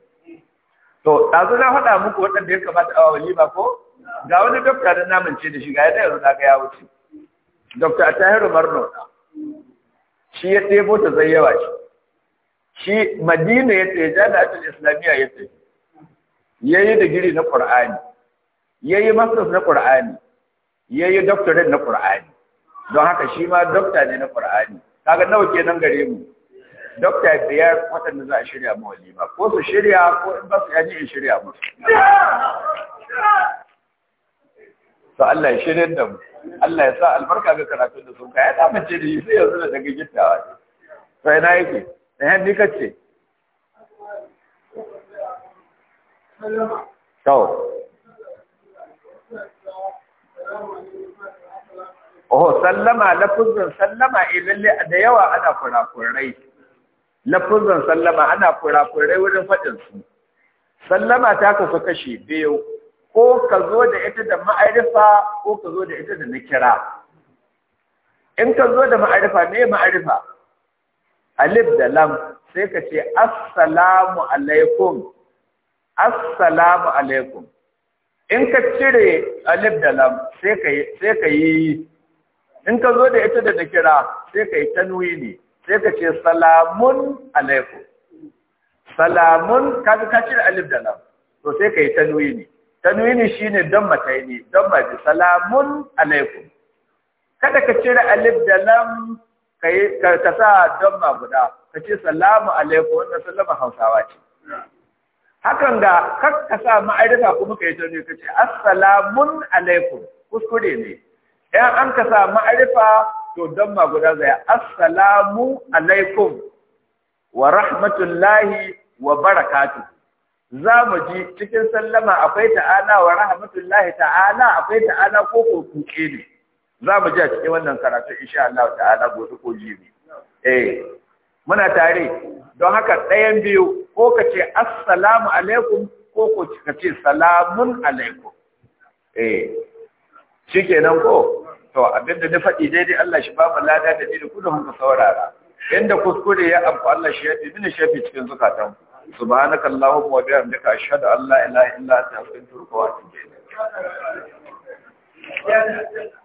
to ɗazu na faɗa muku waɗanda ya kamata a walima ko ga wani dokta da namance da shi ga yadda yanzu na ga ya wuce Dr. Atahiru Marno shi ya ɗebo ta zai yawa shi. Shi Madina ya tsaye jami'atul Islamiyya ya tsaye. Ya yi digiri na Ƙur'ani, ya yi masters na kur'ani ya yi doctorate na kur'ani Don haka shi ma dokta ne na Ƙur'ani. Kaga nawa ke nan gare mu. Dokta biyar waɗanda za a shirya a walima, ko su shirya ko in ba su yaji in shirya musu. Allah ya da mu. Allah ya sa albarka ga karatun da sun kai ya mace da yi sai yanzu da daga gittawa ne sai na yake eh ni kace to Oh, sallama lafuzin sallama eh, le da yawa ana kurakurai. Lafuzin sallama ana kurakurai wurin faɗin su. Sallama ta kasu kashi biyu. ko ka zo da ita da ma'arifa ko ka zo da ita da nakira in ka zo da ma'arifa ne ma'arifa alif da lam sai ka ce assalamu alaikum assalamu alaikum in ka cire alif da lam sai ka sai ka yi in ka zo da ita da nakira sai ka yi tanwini sai ka ce salamun alaikum salamun ka ka cire alif da lam to sai ka yi tanwini tanwini shine don mataini don maji salamun alaikum kada ka cire alif da lam ka sa don ma guda ka ce salamu alaikum wannan sallama hausawa ce hakan ga ka sa ma'arifa kuma ka yi tanwini ka ce assalamun alaikum kuskure ne yan an ka sa ma'arifa to don ma guda zai assalamu alaikum wa rahmatullahi wa barakatuh za mu ji cikin sallama akwai ta'ala wa rahmatullahi ta'ala akwai ta'ala ko ko kuke ne za mu ji a cikin wannan karatu insha Allah ta'ala gobe ko jibi eh muna tare don haka ɗayan biyu ko ka ce assalamu alaikum ko ko ka ce salamun alaikum eh shikenan ko to abinda na faɗi daidai Allah shi ba mu lada da ni da kudu hanka saurara inda kuskure ya amfa Allah shi ya bi ya shafi cikin zukatanku subhanaka allahumma wa bihamdika ashhadu an la ilaha illa anta astaghfiruka wa atubu ilayk